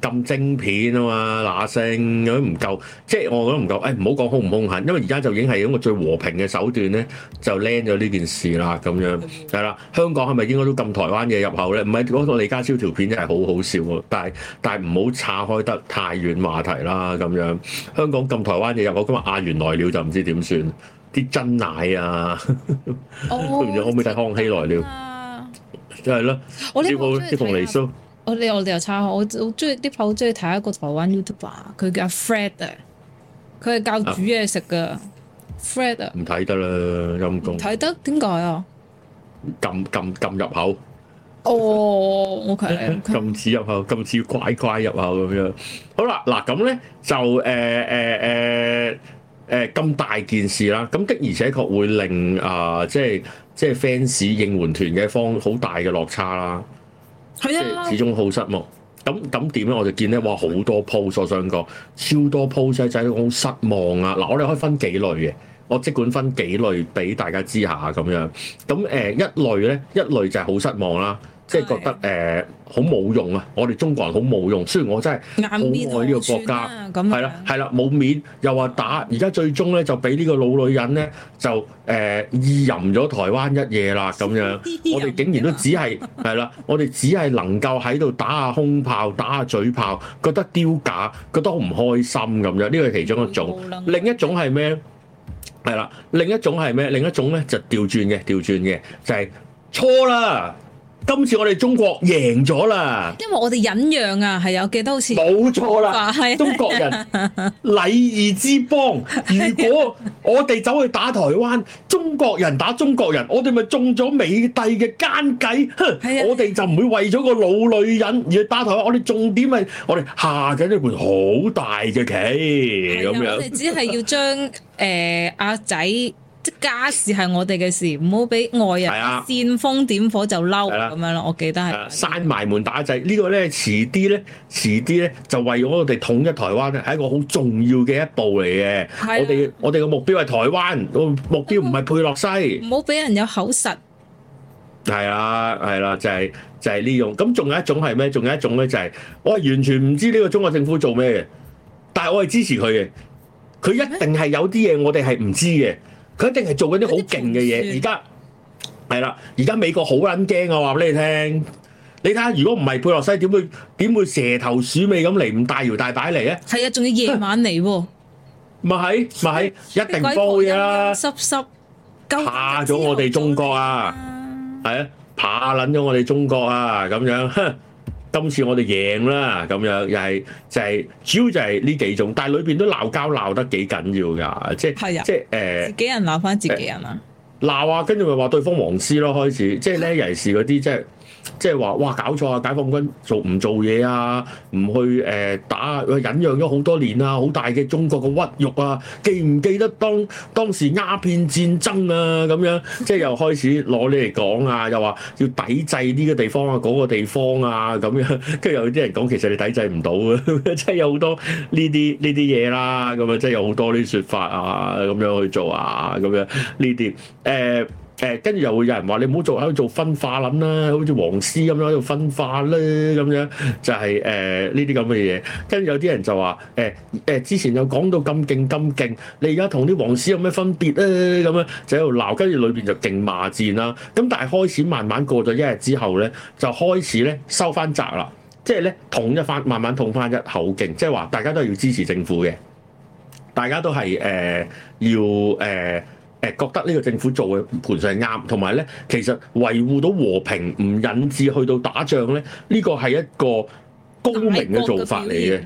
禁晶片啊嘛，那聲嗰啲唔夠，即係我覺得唔夠，誒唔好講兇唔兇狠，因為而家就已經係一個最和平嘅手段咧，就 len 咗呢件事啦咁樣，係啦，香港係咪應該都禁台灣嘢入口咧？唔係嗰個李家超條片真係好好笑喎，但係但係唔好岔開得太遠話題啦咁樣。香港禁台灣嘢入口，我今日阿元來了就唔知點算，啲珍奶啊，唔 [LAUGHS] 哦、知可唔可以睇康熙來了？就係咯，呢個呢個鳳梨酥。 [LAUGHS] ね我哋我哋又差，我我中意啲朋友中意睇一個台灣 YouTuber，佢叫阿 Fred 啊，佢係教煮嘢食噶。Fred 啊，唔睇得啦，陰公睇得點解啊？撳撳撳入口哦，我睇撳似入口，撳似怪怪入口咁樣。好啦，嗱咁咧就誒誒誒誒咁大件事啦，咁的而且確會令啊、呃、即係即係 fans 應援團嘅方好大嘅落差啦。係啊，始終好失望。咁咁點咧？我就見咧，哇好多 post 想講，超多 post 喺度講失望啊！嗱，我哋可以分幾類嘅，我即管分幾類俾大家知下咁樣。咁誒、呃，一類咧，一類就係好失望啦、啊。即係覺得誒好冇用啊！我哋中國人好冇用，雖然我真係好愛呢個國家，係啦係啦冇面，又話打而家、嗯、最終咧就俾呢個老女人咧就誒意、呃、淫咗台灣一夜啦咁樣。我哋竟然都只係係啦，我哋只係能夠喺度打下空炮、打下嘴炮，覺得丟架，覺得好唔開心咁樣。呢個係其中一種，另一種係咩？係啦，另一種係咩？另一種咧就調轉嘅，調轉嘅就係、是、錯啦。今次我哋中國贏咗啦，因為我哋忍讓啊，係我記得好似冇錯啦，中國人禮儀之邦。的如果我哋走去打台灣，中國人打中國人，我哋咪中咗美帝嘅奸計？哼，的我哋就唔會為咗個老女人而去打台灣。我哋重點係我哋下咗呢盤好大嘅棋，咁的樣。我哋只係要將誒阿仔。呃家事係我哋嘅事，唔好俾外人煽風點火就嬲咁樣咯。我記得係閂埋門打仔呢個咧，遲啲咧，遲啲咧就為咗我哋統一台灣咧，係一個好重要嘅一步嚟嘅。我哋我哋嘅目標係台灣，目標唔係佩洛茜。唔好俾人有口實。係啦，係啦，就係就係呢樣。咁仲有一種係咩？仲有一種咧就係我係完全唔知呢個中國政府做咩嘅，但係我係支持佢嘅。佢一定係有啲嘢我哋係唔知嘅。佢一定係做緊啲好勁嘅嘢，而家係啦，而家美國好撚驚啊！我話俾你聽，你睇下如果唔係佩洛茜點會點會蛇頭鼠尾咁嚟，唔大搖大擺嚟咧？係啊，仲要夜晚嚟喎、啊！咪係咪係， [LAUGHS] 一定煲嘢啦、啊！飲飲濕，濕，濕濕，怕咗我哋中國啊！係啊，啊，怕撚咗我哋中國啊！咁樣哼～ [LAUGHS] 今次我哋贏啦，咁樣又係就係、是就是、主要就係呢幾種，但係裏邊都鬧交鬧得幾緊要㗎，即係的即係誒，呃、自己人鬧翻自己人啊！鬧啊、呃，跟住咪話對方黃絲咯，開始即係呢尤其是嗰啲即係。即係話哇搞錯啊！解放軍做唔做嘢啊？唔去誒、呃、打啊！忍讓咗好多年啊！好大嘅中國嘅屈辱啊！記唔記得當當時鴉片戰爭啊咁樣？即係又開始攞你嚟講啊！又話要抵制呢個地方啊，嗰、嗰個地方啊咁樣。跟住有啲人講，其實你抵制唔到啊。即係有好多呢啲呢啲嘢啦。咁樣即係有好多啲説法啊，咁樣去做啊，咁樣呢啲誒。誒跟住又會有人話你唔好做喺度做分化諗啦，好似黃絲咁樣喺度分化咧咁樣，就係誒呢啲咁嘅嘢。跟、呃、住有啲人就話誒誒之前又講到咁勁咁勁，你而家同啲黃絲有咩分別咧？咁樣就喺度鬧，跟住裏邊就勁罵戰啦。咁但係開始慢慢過咗一日之後咧，就開始咧收翻閘啦，即係咧統一翻，慢慢統翻一口徑，即係話大家都係要支持政府嘅，大家都係誒、呃、要誒。呃呃呃誒覺得呢個政府做嘅盤上係啱，同埋咧其實維護到和平唔引致去到打仗咧，呢、這個係一個高明嘅做法嚟嘅。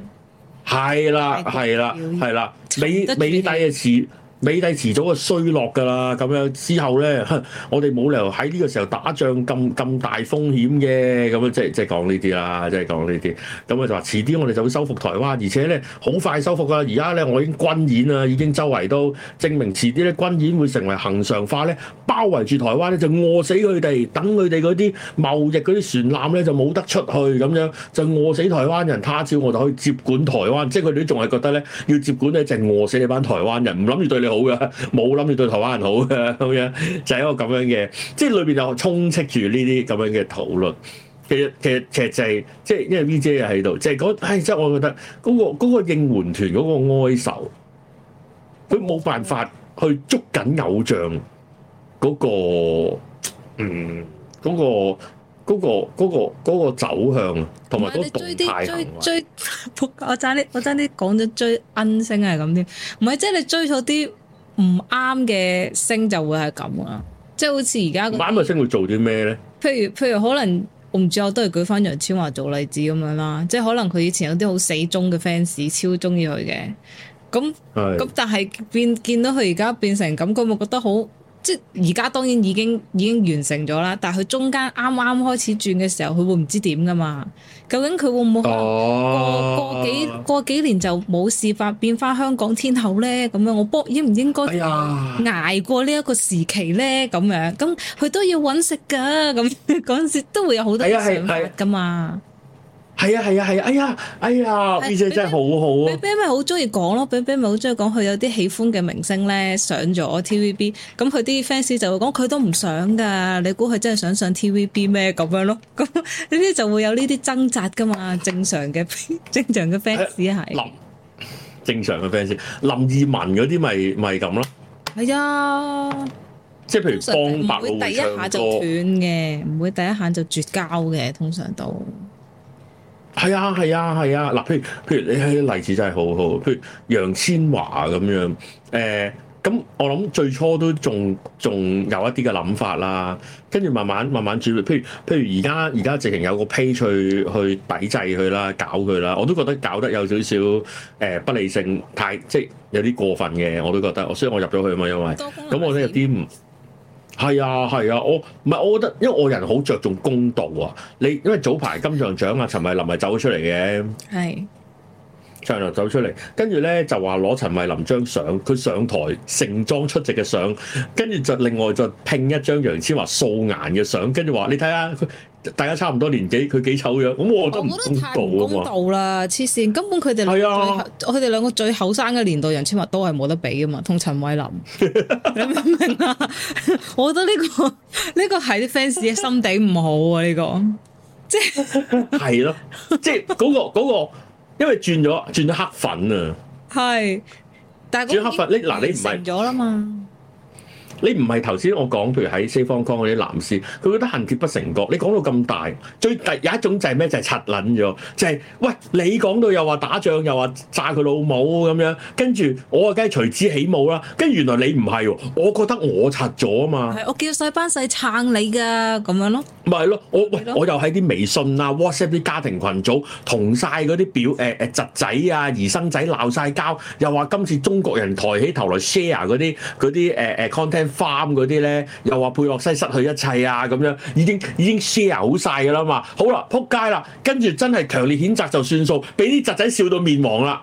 係啦係啦係啦，美美帝嘅事。美帝遲早啊衰落㗎啦，咁樣之後咧，我哋冇理由喺呢個時候打仗咁咁大風險嘅，咁樣即係即係講呢啲啦，即係講呢啲。咁啊就話遲啲我哋就會收復台灣，而且咧好快收復㗎。而家咧我已經軍演啦，已經周圍都證明遲啲咧軍演會成為恒常化咧，包圍住台灣咧就餓死佢哋，等佢哋嗰啲貿易嗰啲船艦咧就冇得出去咁樣，就餓死台灣人，他朝我就可以接管台灣。即係佢哋仲係覺得咧要接管咧淨餓死你班台灣人，唔諗住對你。好嘅，冇諗住對台灣人好嘅。咁 [LAUGHS] 樣就係一個咁樣嘅，即係裏邊就充斥住呢啲咁樣嘅討論。其實其實其實就係即係因為 VJ 喺度，即係講，唉、哎，即係我覺得嗰、那個嗰、那個應援團嗰個哀愁，佢冇辦法去捉緊偶像嗰、那個，嗯，嗰、那個嗰、那個嗰、那個、那個走向，同埋嗰個動態你追追撲，我爭啲我爭啲講咗追恩星係咁添，唔係，即係你追咗啲。唔啱嘅星就會係咁啦，即係好似而家啱嘅星會做啲咩咧？譬如譬如可能我唔知，我都係舉翻楊千嬅做例子咁樣啦。即係可能佢以前有啲好死忠嘅 fans，超中意佢嘅。咁咁的但係變見到佢而家變成咁，咁我覺得好。即係而家當然已經已經完成咗啦，但係佢中間啱啱開始轉嘅時候，佢會唔知點噶嘛？究竟佢會唔會過、oh. 過，過幾過幾年就冇事發，變返香港天后咧咁樣？我搏應唔應該捱過呢一個時期咧咁樣？咁佢都要搵食噶，咁嗰陣時都會有好多想法噶嘛。係啊，係啊，係啊！哎呀哎呀，B 姐真係好好啊！B B 咪好中意講咯，B B 咪好中意講佢有啲喜歡嘅明星咧上咗 TVB，咁佢啲 fans 就會講佢都唔想噶，你估佢真係想上 TVB 咩？咁樣咯，咁呢啲就會有呢啲掙扎噶嘛，正常嘅，正常嘅 fans 係林，正常嘅 fans，林二汶嗰啲咪咪咁咯，係啊、哎呀，即係譬如放，白唔會第一下就斷嘅，唔會第一下就絕交嘅，通常都。係啊係啊係啊，嗱，啊，譬如譬如你睇啲例子真係好好，譬如楊千嬅咁樣，誒、欸、咁我諗最初都仲仲有一啲嘅諗法啦，跟住慢慢慢慢轉，譬如譬如而家而家直情有個批翠去，去抵制佢啦，搞佢啦，我都覺得搞得有少少誒不理性，太即係有啲過分嘅，我都覺得，所以我入咗去啊嘛，因為咁風我都有啲唔。係啊，係啊，我唔係，我覺得，因為我人好着重公道啊。你因為早排金像獎啊，陳慧琳咪走出嚟嘅，係陳慧琳走出嚟，跟住咧就話攞陳慧琳張相，佢上台盛裝出席嘅相，跟住就另外就拼一張楊千嬅素顏嘅相，跟住話你睇下佢。大家差唔多年紀，佢幾醜樣，咁我都唔公道啊嘛！我覺得太唔公道啦，黐線！根本佢哋兩佢哋兩個最後生嘅年代人，千萬都係冇得比噶嘛，同陳偉林， [LAUGHS] 你明唔明啊？我覺得呢個呢個係啲 fans 嘅心地唔好啊！呢個 [LAUGHS] 即係係咯，即係嗰個嗰個，因為轉咗轉咗黑粉啊，係，但係轉黑粉咧嗱，你唔係咗啦嘛？ [LAUGHS] 你唔係頭先我講，譬如喺西方講嗰啲男士，佢覺得恨鐵不成鋼。你講到咁大，最第有一種就係咩？就係刷撚咗，就係、是、喂你講到又話打仗，又話炸佢老母咁樣，跟住我啊，梗係隨之起舞啦。跟住原來你唔係，我覺得我刷咗啊嘛。係，我叫晒班細撐你㗎，咁樣咯。咪係咯，我喂咯，我又喺啲微信啊、WhatsApp 啲家庭群組，同晒嗰啲表誒誒、呃、侄仔啊、姨甥仔鬧晒交，又話今次中國人抬起頭來 share 嗰啲嗰啲誒誒 content。三嗰啲咧，又話佩洛茜失去一切啊，咁樣已經已經 share 好晒噶啦嘛。好啦，撲街啦，跟住真係強烈譴責就算數，俾啲侄仔笑到面黃啦。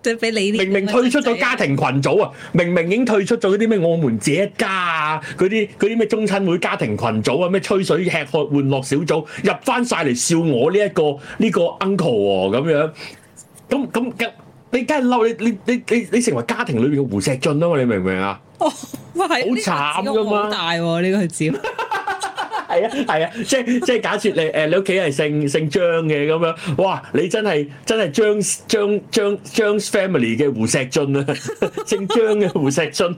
對，俾你明明退出咗家庭群組啊， [LAUGHS] 明明已經退出咗嗰啲咩我們這一家啊，嗰啲啲咩中親會家庭群組啊，咩吹水吃喝玩樂小組入翻晒嚟笑我呢、這、一個呢、這個 uncle 喎、啊，咁樣咁咁你梗係嬲，你你你你成為家庭裏邊嘅胡錫進嘛？你明唔明啊？哦，哇，係，呢個好大喎、啊，呢、這個字。係啊，係啊，啊，啊，即即係假設你誒你屋企係姓姓張嘅咁樣，哇，你真係真係張張張張 Family 嘅胡石俊啊， [LAUGHS] 姓張嘅胡錫進。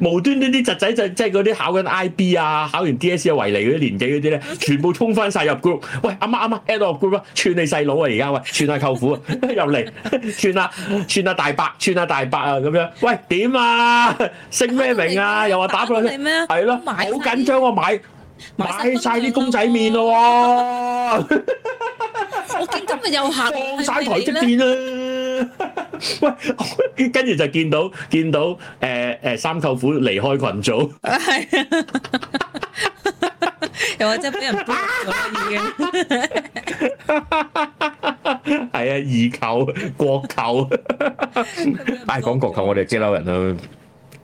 無端端啲侄仔就即係嗰啲考緊 IB 啊，考完 DSE 維尼嗰啲年紀嗰啲咧，全部衝翻晒入 group。喂，阿媽阿媽，add 我入 group 啦，串你細佬啊，而家喂，串下舅父啊，寸寸父入嚟，串啊，串下大伯，串下大伯啊，咁樣。喂，點啊？姓咩名啊？又話打過嚟咩？係咯，好、啊、緊張啊！買買曬啲公仔麵咯喎。啊、我見今日又行，放曬台積電啊！喂，跟住就見到見到誒誒三舅父離開羣組，係啊，又或者俾人 ban 咗已經，係啊二舅國舅，唉講國舅我哋即嬲人啦，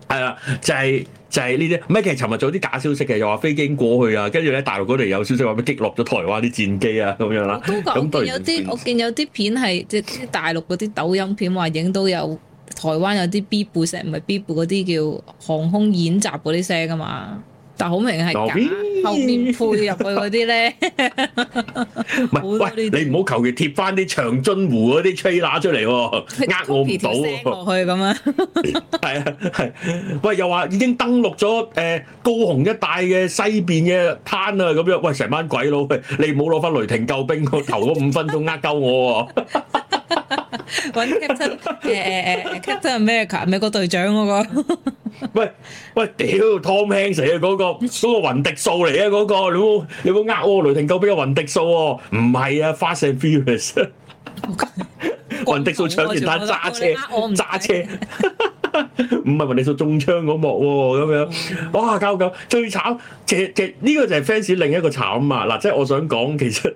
係啊就係。就係呢啲，唔係其實尋日仲有啲假消息嘅，又話飛機過去啊，跟住咧大陸嗰度有消息話咩擊落咗台灣啲戰機啊，咁樣啦。都講，樣有啲我見有啲片係即係大陸嗰啲抖音片話影到有台灣有啲 B 部聲，唔係 B 部嗰啲叫航空演習嗰啲聲㗎嘛。但好明顯係假，後面配入去嗰啲咧，唔 [LAUGHS] 係是喂，你唔好求其貼翻啲長津湖嗰啲吹喇出嚟喎、哦，呃他 copy 我唔到喎。係 [LAUGHS] 啊係、啊，喂又話已經登陸咗誒高雄一帶嘅西邊嘅灘啊。咁樣，喂成班鬼佬，你唔好攞翻雷霆救兵、啊，我 [LAUGHS] 頭嗰五分鐘呃鳩我喎、哦。 [LAUGHS] 搵 Captain 誒誒 Captain America 美國隊長嗰個，喂喂屌 Tom Hanks 啊嗰個，嗰個雲迪素嚟啊嗰個，你冇你冇呃我雷霆救兵嘅雲迪素喎，唔係啊 Fast and Furious，雲迪素搶完單揸車揸車。唔係話你做中槍嗰幕喎，咁 [LAUGHS] car en derrière pantry las ira 樣哇！教教最慘，其實其實呢個就係 fans 另一個慘啊！嗱，即係我想講，其實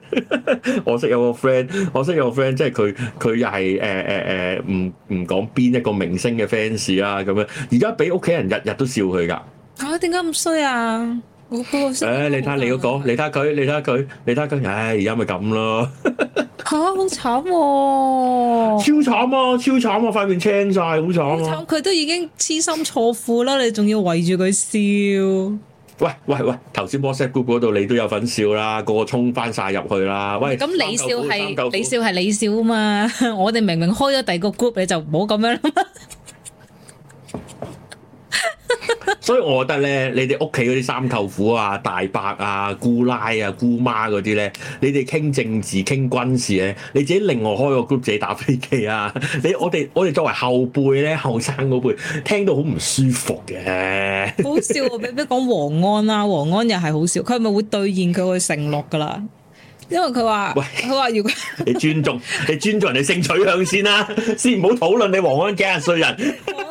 我識有個 friend，我識有個 friend，即係佢佢又係誒誒誒，唔唔講邊一個明星嘅 fans 啊咁樣，而家俾屋企人日日都笑佢噶嚇，點解咁衰啊？誒，你睇下你嗰個，你睇下佢，你睇下佢，你睇下佢，唉、 [LAUGHS] 啊，而家咪咁咯。吓，好慘，超慘啊，超慘啊，塊面青晒，好慘慘，佢都已經癡心錯付啦，你仲要圍住佢笑？喂喂喂，頭先 WhatsApp group 嗰度你都有份笑啦，個個衝翻晒入去啦。喂，咁你笑係你笑係你笑啊嘛， [LAUGHS] 我哋明，明明開咗第二個 group，你就唔好咁樣啦。 [LAUGHS] 所以，我覺得咧，你哋屋企嗰啲三舅父啊、大伯啊、姑奶啊、姑媽嗰啲咧，你哋傾政治、傾軍事咧，你自己另外開個 group 仔打飛機啊！你我哋我哋作為後輩咧，後生嗰輩聽到好唔舒服嘅。 [LAUGHS] 好笑，俾啲講黃安啊，黃安又係好笑，佢係咪會兌現佢嘅承諾噶啦？因為佢話，佢話喂如果 [LAUGHS] 你尊重，你尊重人哋性取向先啦、啊，先唔好討論你黃安幾廿歲人。 [LAUGHS]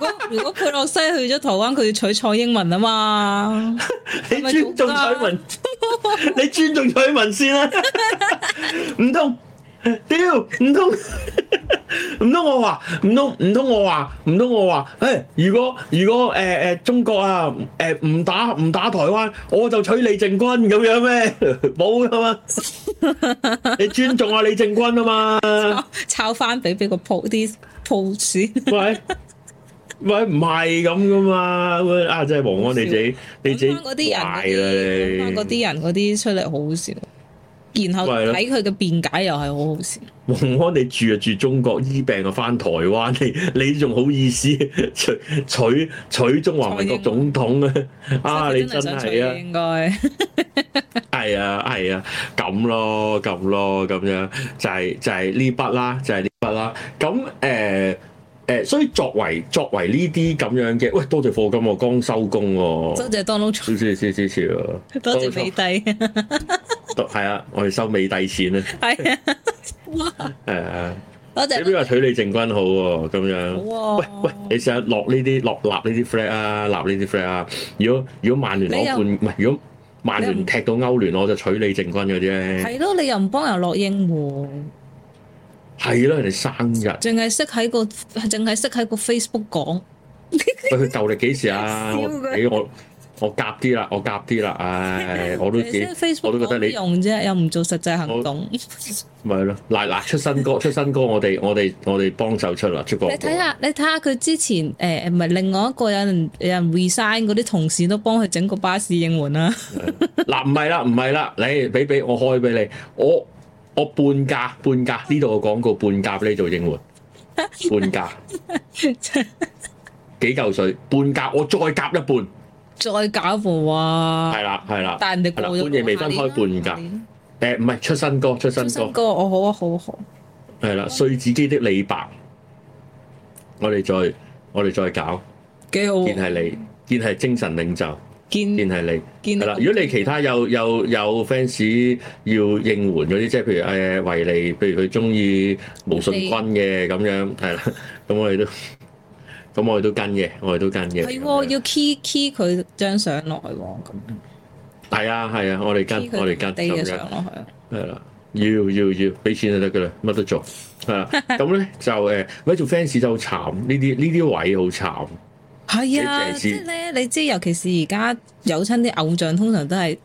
[LAUGHS] 如果佩洛西去咗台灣，佢要取蔡英文啊嘛？ [LAUGHS] 你尊重蔡文， [LAUGHS] [LAUGHS] 你尊重蔡文先啦、啊。唔 [LAUGHS] 通道，屌唔通，唔通我話、啊，唔通唔通我話、啊，唔通我話、啊，誒、欸，如果如果誒誒、呃、中國啊，誒、呃、唔打唔打台灣，我就取李靖軍咁樣咩？冇 [LAUGHS] 啊的嘛， [LAUGHS] 你尊重下、啊、李靖軍啊嘛？抄翻俾俾個 po 啲 post 喂。 [LAUGHS] [LAUGHS] 喂，唔係咁噶嘛？啊，即係黃安，你自己你自己，翻嗰啲人嗰啲，翻嗰啲人嗰啲出嚟，today, 好好笑。然後睇佢嘅辯解又係好好笑。黃安，你住就住中國，醫病就翻台灣，你你仲好意思取取，取中華民國總統咧？啊，真你真係 [LAUGHS] 啊，應該係啊係啊，咁咯咁咯咁樣，就係就係呢筆啦，就係呢筆啦。咁、就、誒、是。就是誒、呃，所以作為作為呢啲咁樣嘅，喂，多謝貨金我剛收工，多謝當勞，少少少少少，多謝美帝，係啊 [LAUGHS] ，ida, 我哋收美帝錢咧，係 [LAUGHS] 多謝 [LAUGHS] 啊，係啊，多謝你邊個取你正軍好喎，咁樣，喂喂，你成日落呢啲落立呢啲 flag 啊，立呢啲 flag 啊，如果有如果曼聯攞冠，唔係如果曼聯踢到歐聯，我就取你正軍嗰啲咧，係咯，你又唔幫人落英喎？係咯，人哋生日，淨係識喺個，淨係識喺個 Facebook 講。佢 [LAUGHS] 逗你幾時啊？俾 [LAUGHS] 我，我夾啲啦，我夾啲啦，唉，我都幾，我都覺得你用啫，又唔做實際行動。咪係咯，嗱、就、嗱、是、出， [LAUGHS] 出新歌，出新歌我，我哋我哋我哋幫手出啦，出過。你睇下，你睇下佢之前誒唔係另外一個人有人 resign 嗰啲同事都幫佢整個巴士應援啦。嗱，唔係啦，唔係啦，你俾俾我開俾你，我你。我我半價，半價呢度個廣告，半價咧就應援。半價幾嚿水，半價我再夾一半，再夾一半哇，係啦係啦，但係人哋半夜未分開半價架，誒唔係出新歌出新歌，我好啊好啊，係啦，碎自己的李白，我哋再我哋再搞，幾好，見係你，見係精神,神領,領袖。見係你係啦，見如果你其他有有有，有 fans 要應援嗰啲，即係譬如誒、呃、維尼，譬如佢中意毛舜筠嘅咁是樣，係啦，咁我哋都咁我哋都跟嘅，我哋都跟嘅。係喎的，樣要 key key 佢張相落嚟喎，咁係啊係啊，我哋跟，我哋跟，咁樣係啦，要要要，俾錢就得嘅啦，乜都做啊。咁咧 [LAUGHS] 就誒，喂做 fans 就好慘，呢啲呢啲位好慘。係啊，即係咧，你知，尤其是而家有親啲偶像，通常都係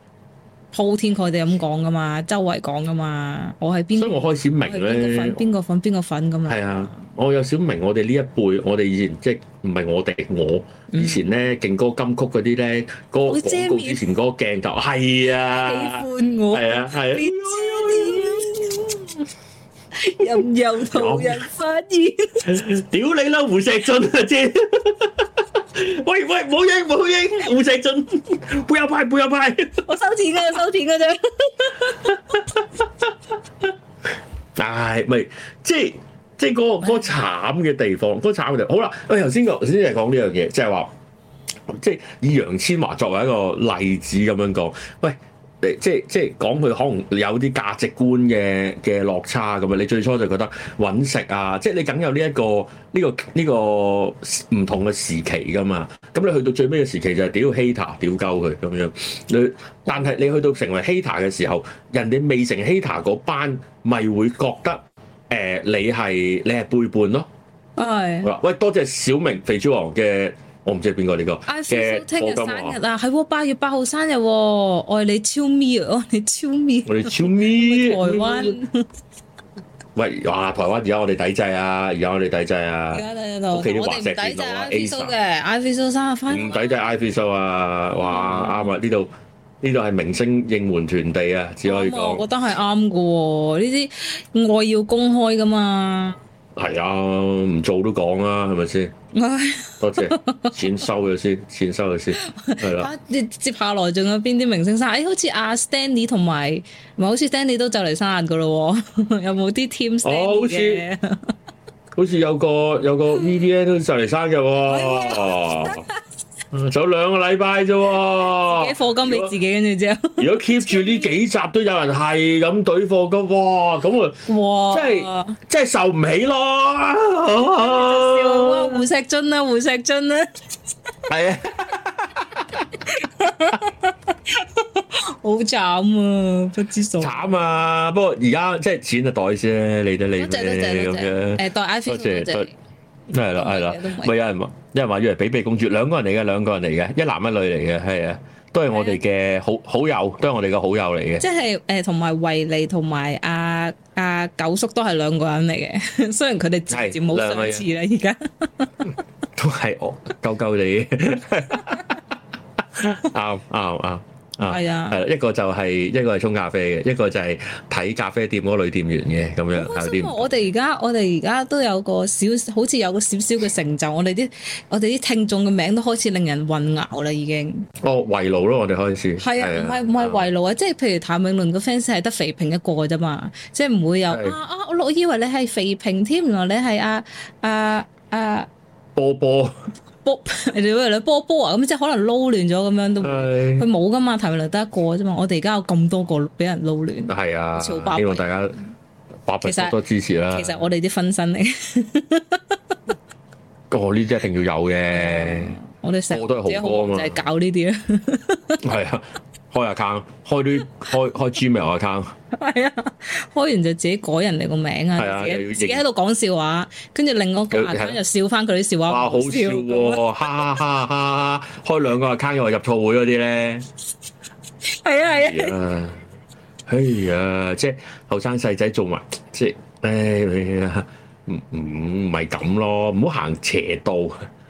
鋪天蓋地咁講噶嘛，周圍講噶嘛。我係邊，所以我開始明咧，邊個粉邊個粉咁。係啊，我有少明我，我哋呢一輩，我哋以前即係唔係我哋，我以前咧勁歌金曲嗰啲咧，嗰、廣告之前嗰個鏡頭係啊，喜歡我係啊係啊。任由途人發言，屌你嬲！胡錫進啊！先，喂喂，冇應冇應，胡錫進，背要派，背要派，我收錢嘅收錢嘅啫。唉、 [LAUGHS] [LAUGHS] 哎，咪即係即係、那、嗰個嗰麼個慘嘅地方，嗰、那個慘嘅地方。好啦，喂，頭先個頭先係講呢樣嘢，即係話即係以楊千嬅作為一個例子咁樣講，喂。即係即係講佢可能有啲價值觀嘅嘅落差咁啊！你最初就覺得揾食啊，即係你梗有呢、呢、一個呢、呢個呢、呢個唔同嘅時期㗎嘛。咁你去到最尾嘅時期就係屌 hater 屌鳩佢咁樣。你但係你去到成為 hater 嘅時候，人哋未成 hater 嗰班咪會覺得誒、呃、你係你係背叛咯。係。喂，多謝小明肥豬王嘅。我唔知邊個、這個呢個嘅，聽日生日嘛？係八月八號生日、啊，愛你超咪，愛你超咪，oh, me. Oh, me. [LAUGHS] 我哋超咪，台灣。喂，哇！台灣而家我哋抵制啊，而家我哋抵制啊，而家喺度、啊。我哋唔抵制。Iverson 嘅，Iverson 生日翻，唔抵制 Iverson 啊！哇，啱啊、嗯！呢度呢度係明星應援團地啊，只可以講。我覺得係啱噶，呢啲愛要公開噶嘛。係啊，唔做都講啦、啊，係咪先？ [LAUGHS] 多謝，錢收咗先，錢收咗先，係啦。接 [LAUGHS] 接下來仲有邊啲明星生，生？誒、哎，好似阿、啊 St St 啊、 [LAUGHS] Stanley 同埋，唔係、哦、好似 Stanley 都就嚟生日噶咯？有冇啲 team Stanley 好似好似有個有個 E D N 都就嚟生日喎。仲、嗯、有兩個禮拜啫喎，自己課金俾自己跟住啫。如果 keep 住呢幾集都有人係咁懟課金話，咁啊，即係即係受唔起咯。哇胡錫進啊，胡錫進啊，係啊，好慘啊，不知數。慘啊！不過而家即係錢就袋先，你得你嘅咁樣。誒，多謝多謝。係啦，係啦，咪有人，一人話要嚟比比公主，兩個人嚟嘅，兩個人嚟嘅，一男一女嚟嘅，係、嗯嗯、啊，都係我哋嘅好好友，都係我哋嘅好友嚟嘅。即係誒，同埋維尼同埋阿阿九叔都係兩個人嚟嘅，雖然佢哋直接冇相似啦，而家現在 [LAUGHS] 都係我救救你，啱啱啱。對對啊，係啊，係一個就係、是、一個係沖咖啡嘅，一個就係睇咖啡店嗰個女店員嘅咁樣。咁、啊啊、我哋而家我哋而家都有個小，好似有個少少嘅成就。我哋啲我哋啲聽眾嘅名都開始令人混淆啦，已經。哦，圍路咯，我哋開始。係啊，唔係唔係圍爐啊，即係譬如譚詠麟嘅 fans 係得肥平一個嘅啫嘛，即係唔會有啊是啊，我、啊、我以為你係肥平添，原來你係阿阿阿波波。波你會唔會波波啊？咁即係可能撈亂咗咁樣都，佢冇噶嘛，台面嚟得一個啫嘛。我哋而家有咁多個俾人撈亂，的希望大家百分百多支持啦。其實我哋啲分身嚟，個呢啲一定要有嘅。 [LAUGHS] 有我哋成個都係好哥就係搞呢啲啦。係啊。 [LAUGHS] 開下 a c 開啲開開 gmail 嘅 a 係啊，開完就自己改人哋個名啊，自己喺度講笑話，跟住另一個就笑翻佢啲笑話，哇，好笑喎，哈哈哈哈！開兩個 account 又入錯會嗰啲咧，係啊係啊，哎呀，即係後生細仔做埋，即係哎呀，唔唔唔，咪咁咯，唔好行斜道，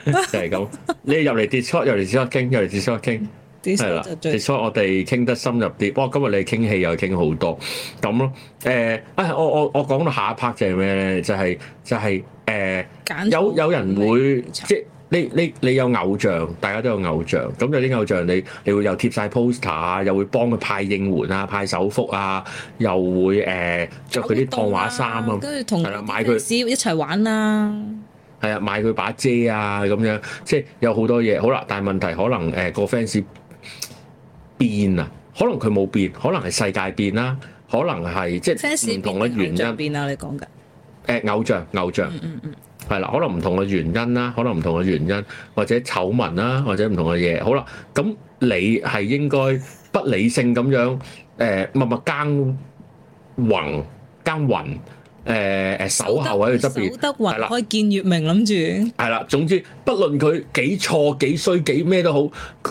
就係咁，你入嚟跌出，入嚟先開傾，入嚟先開傾。係啦，所以、啊、我哋傾得深入啲。哇，今日你傾戲又傾好多，咁咯。誒、欸，啊，我我我講到下一 part 就係咩咧？就係、是、就係、是、誒，欸、簡 seasoning 有有人會美美，即係你你你有偶像，大家都有偶像，咁有啲偶像你你會貼又貼晒 poster 啊，又會幫佢派應援啊，派手幅啊，又會誒著佢啲湯畫衫啊，跟住同埋佢紙一齊玩啦。係啊，買佢把遮啊，咁樣即係有好多嘢。好啦，但係問題可能誒個 fans。變啊，可能佢冇變，可能係世界變啦，可能係即係唔同嘅原因變啦。你講緊誒偶像偶像，係啦，可能唔同嘅原因啦，可能唔同嘅原因或者醜聞啦，或者唔同嘅嘢。好啦，咁你係應該不理性咁樣誒默默耕耘耕耘誒誒守候喺佢側邊，守得雲，係啦，可以見月明諗住。係啦，總之不論佢幾錯幾衰幾咩都好，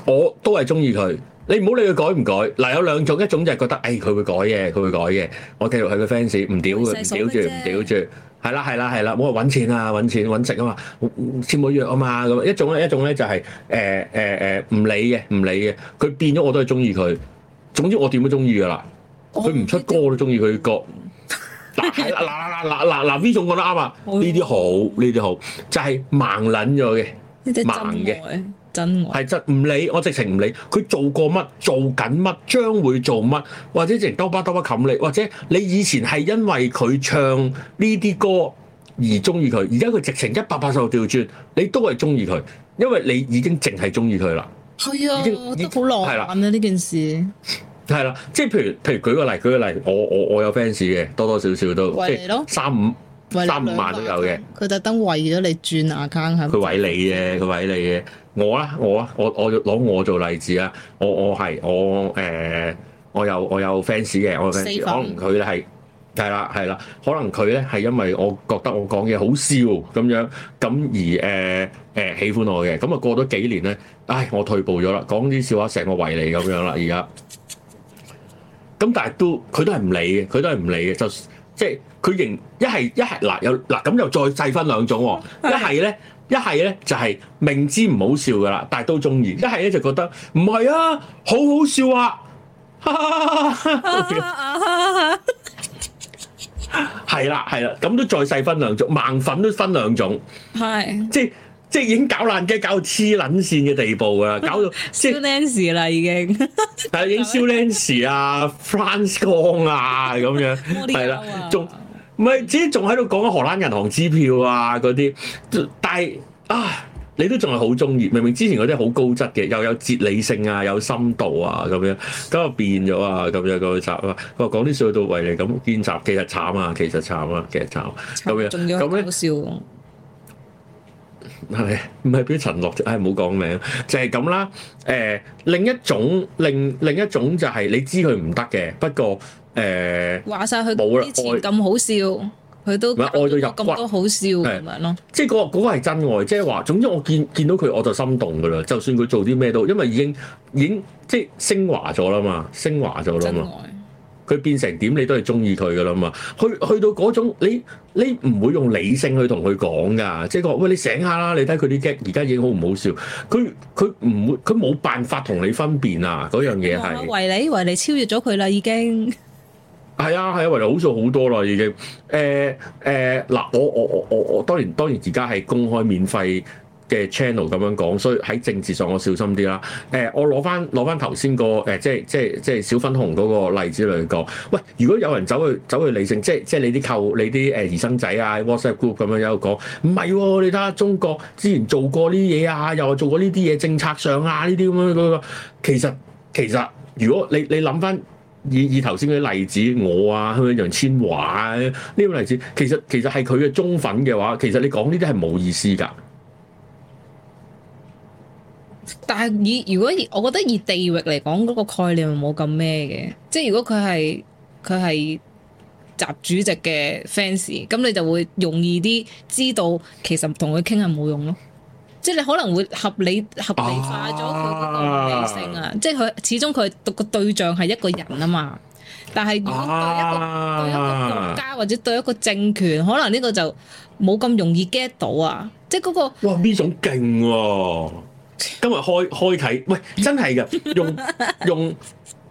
我都係中意佢。你唔好理佢改唔改，嗱有兩種，一種就係覺得，哎佢會改嘅，佢會改嘅，我繼續係個 fans，唔屌佢，唔屌住，唔屌住，係啦係啦係啦，我話揾錢啊揾錢揾食啊嘛，簽冇約啊嘛，咁一種咧一種咧就係，誒誒誒唔理嘅唔理嘅，佢變咗我都係中意佢，總之我點都中意噶啦，佢唔出歌我都中意佢嘅歌，嗱係啦嗱嗱嗱嗱嗱嗱呢種覺得啱啊，呢啲好呢啲好，就係盲撚咗嘅盲嘅。真係真唔理，我直情唔理佢做過乜，做緊乜，將會做乜，或者直情兜巴兜巴冚你，或者你以前係因為佢唱呢啲歌而中意佢，而家佢直情一百八十度掉轉，你都係中意佢，因為你已經淨係中意佢啦。係、哎、呀經啊，都好浪漫啊呢件事。係啦，即係譬如譬如，譬如舉個例舉個例，我我我有 fans 嘅，多多少少都喂，係三五。三萬都有嘅，佢特登為咗你轉 account，佢為你嘅，佢為你嘅。我啦，我啦，我我攞我做例子啊！我我係我誒，我有我有 fans 嘅，我有 fans，可能佢咧係係啦係啦，可能佢咧係因為我覺得我講嘢好笑咁樣，咁而誒誒喜歡我嘅。咁啊過咗幾年咧，唉，我退步咗啦，講啲笑話成個為你咁樣啦，而家。咁但係都佢都係唔理嘅，佢都係唔理嘅，就。即係佢仍一係一係嗱有嗱咁又再細分兩種喎，一係咧一係咧就係明知唔好笑㗎喇，但係都中意；一係咧就覺得唔係啊，好好笑啊！係啦係啦，咁都再細分兩種，盲粉都分兩種，係即係。 [LAUGHS] 即係已經搞爛嘅，搞到黐撚線嘅地步啦，搞到燒鈴匙啦已經，係啊，已經燒鈴匙啊，弗朗斯光啊咁樣，係啦 [LAUGHS] 摩尼歐，仲唔係？只仲喺度講緊荷蘭銀行支票啊嗰啲，但係啊，你都仲係好中意，明明之前嗰啲好高質嘅，又有哲理性啊，有深度啊咁樣，咁又變咗啊，咁又咁集啊，佢講啲嘢到為嚟咁見雜，其實慘啊，其實慘啊，其實慘咁、啊、樣，咁咧。係唔係俾陳諾？唉，唔好講名，就係咁啦。誒、呃，另一種另另一種就係你知佢唔得嘅，不過誒。呃、話晒佢冇啦。之前咁好笑，佢我都愛到有咁多好笑，咁樣咯。是即係嗰個嗰個係真愛，即係話總之我見見到佢我就心動㗎啦。就算佢做啲咩都，因為已經已經即係昇華咗啦嘛，升華咗啦嘛。佢變成點，你都係中意佢噶啦嘛？去去到嗰種，你你唔會用理性去同佢講噶，即係講喂，你醒下啦！你睇佢啲劇而家已經好唔好笑？佢佢唔會，佢冇辦法同你分辨啊！嗰樣嘢係為，為你為你超越咗佢啦已經。係 [LAUGHS] 啊係啊，為你好咗好多啦已經。誒誒嗱，我我我我我當然當然而家係公開免費。嘅 channel 咁樣講，所以喺政治上我小心啲啦。誒、呃，我攞翻攞翻頭先個誒，即係即係即係小粉紅嗰個例子嚟講，喂，如果有人走去走去理性，即即係你啲購你啲誒兒孫仔啊 WhatsApp group 咁樣一路講，唔係喎，你睇下中國之前做過呢啲嘢啊，又話做過呢啲嘢政策上啊呢啲咁樣嗰個，其實其實如果你你諗翻以以頭先嘅例子，我啊，佢楊千嬅呢個例子，其實其實係佢嘅忠粉嘅話，其實你講呢啲係冇意思㗎。但係以如果以我覺得以地域嚟講嗰個概念冇咁咩嘅，即係如果佢係佢係習主席嘅 fans，咁你就會容易啲知道其實同佢傾係冇用咯。即係你可能會合理合理化咗佢個理性啊即，即係佢始終佢個對象係一個人啊嘛。但係如果對一個、啊、對一個國家或者對一個政權，可能呢個就冇咁容易 get 到啊。即係嗰、嗰個哇呢種勁今日開開睇，喂，真係嘅，用用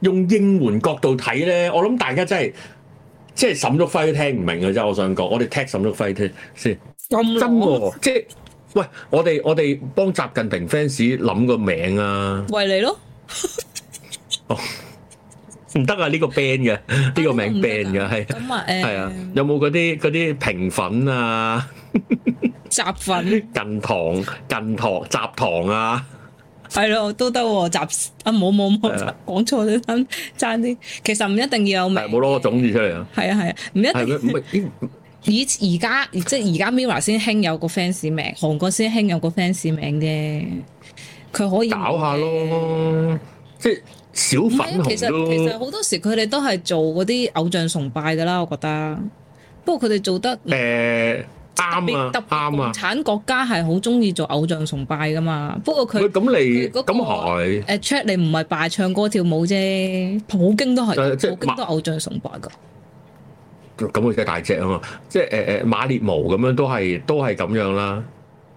用應援角度睇咧，我諗大家真係，即係沈旭暉都聽唔明嘅啫。我想講，我哋踢沈旭暉先，咁真喎，即係，喂，我哋我哋幫習近平 fans 諗個名啊，喂、哦，你咯。唔得，這個，啊！呢個 band 嘅，呢個名 band 嘅係，係啊，有冇嗰啲啲平粉啊？雜粉近堂，近堂，雜堂啊？係咯，都得雜啊！冇冇冇，講錯咗，爭爭啲。其實唔一定要有名，冇攞個總字出嚟啊！係啊係啊，唔一定。以而家即係而家，Mirror 先興有個 fans 名，韓國先興有個 fans 名啫。佢可以搞下咯，即係。小粉紅其實其實好多時佢哋都係做嗰啲偶像崇拜噶啦，我覺得。不過佢哋做得，誒啱、欸、啊，啱啊。共產國家係好中意做偶像崇拜噶嘛？不過佢咁嚟，咁係誒 check 你唔係拜唱歌跳舞啫。普京都係，普京都偶像崇拜噶。咁佢真係大隻啊嘛！即係誒誒馬列毛咁樣都係都係咁樣啦。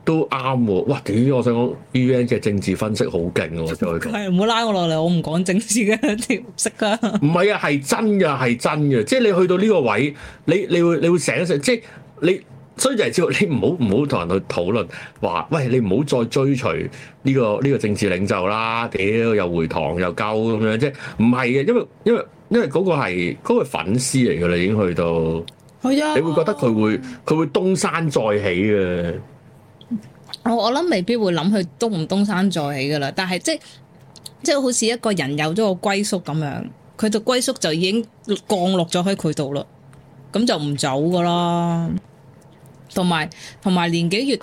都啱喎！哇，點？我想講，VVN 嘅政治分析好勁喎！再講，係唔好拉我落嚟，我唔講政治嘅，你唔識㗎。唔係啊，係真嘅，係真嘅。即係你去到呢個位，你你會你會醒一醒。即係你，所以就係叫你唔好唔好同人去討論話，喂，你唔好再追隨呢個呢個政治領袖啦。屌、哎、又回堂又救咁樣啫，唔係嘅，因為因為因為嗰個係嗰個粉絲嚟㗎啦，你已經去到係啊，的你會覺得佢會佢會東山再起嘅。我我諗未必會諗佢東唔東山再起噶啦，但係即係即係好似一個人有咗個歸宿咁樣，佢個歸宿就已經降落咗喺佢度啦，咁就唔走噶啦。同埋同埋年紀越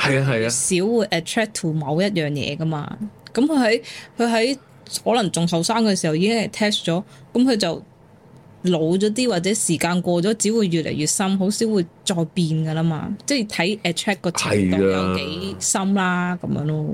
少會 attract to 某一樣嘢噶嘛？咁佢喺佢喺可能仲後生嘅時候已經 test 咗，咁佢就。老咗啲或者時間過咗，只會越嚟越深，好少會再變㗎喇嘛。即係睇 attach 個程度有幾深啦的，咁樣咯。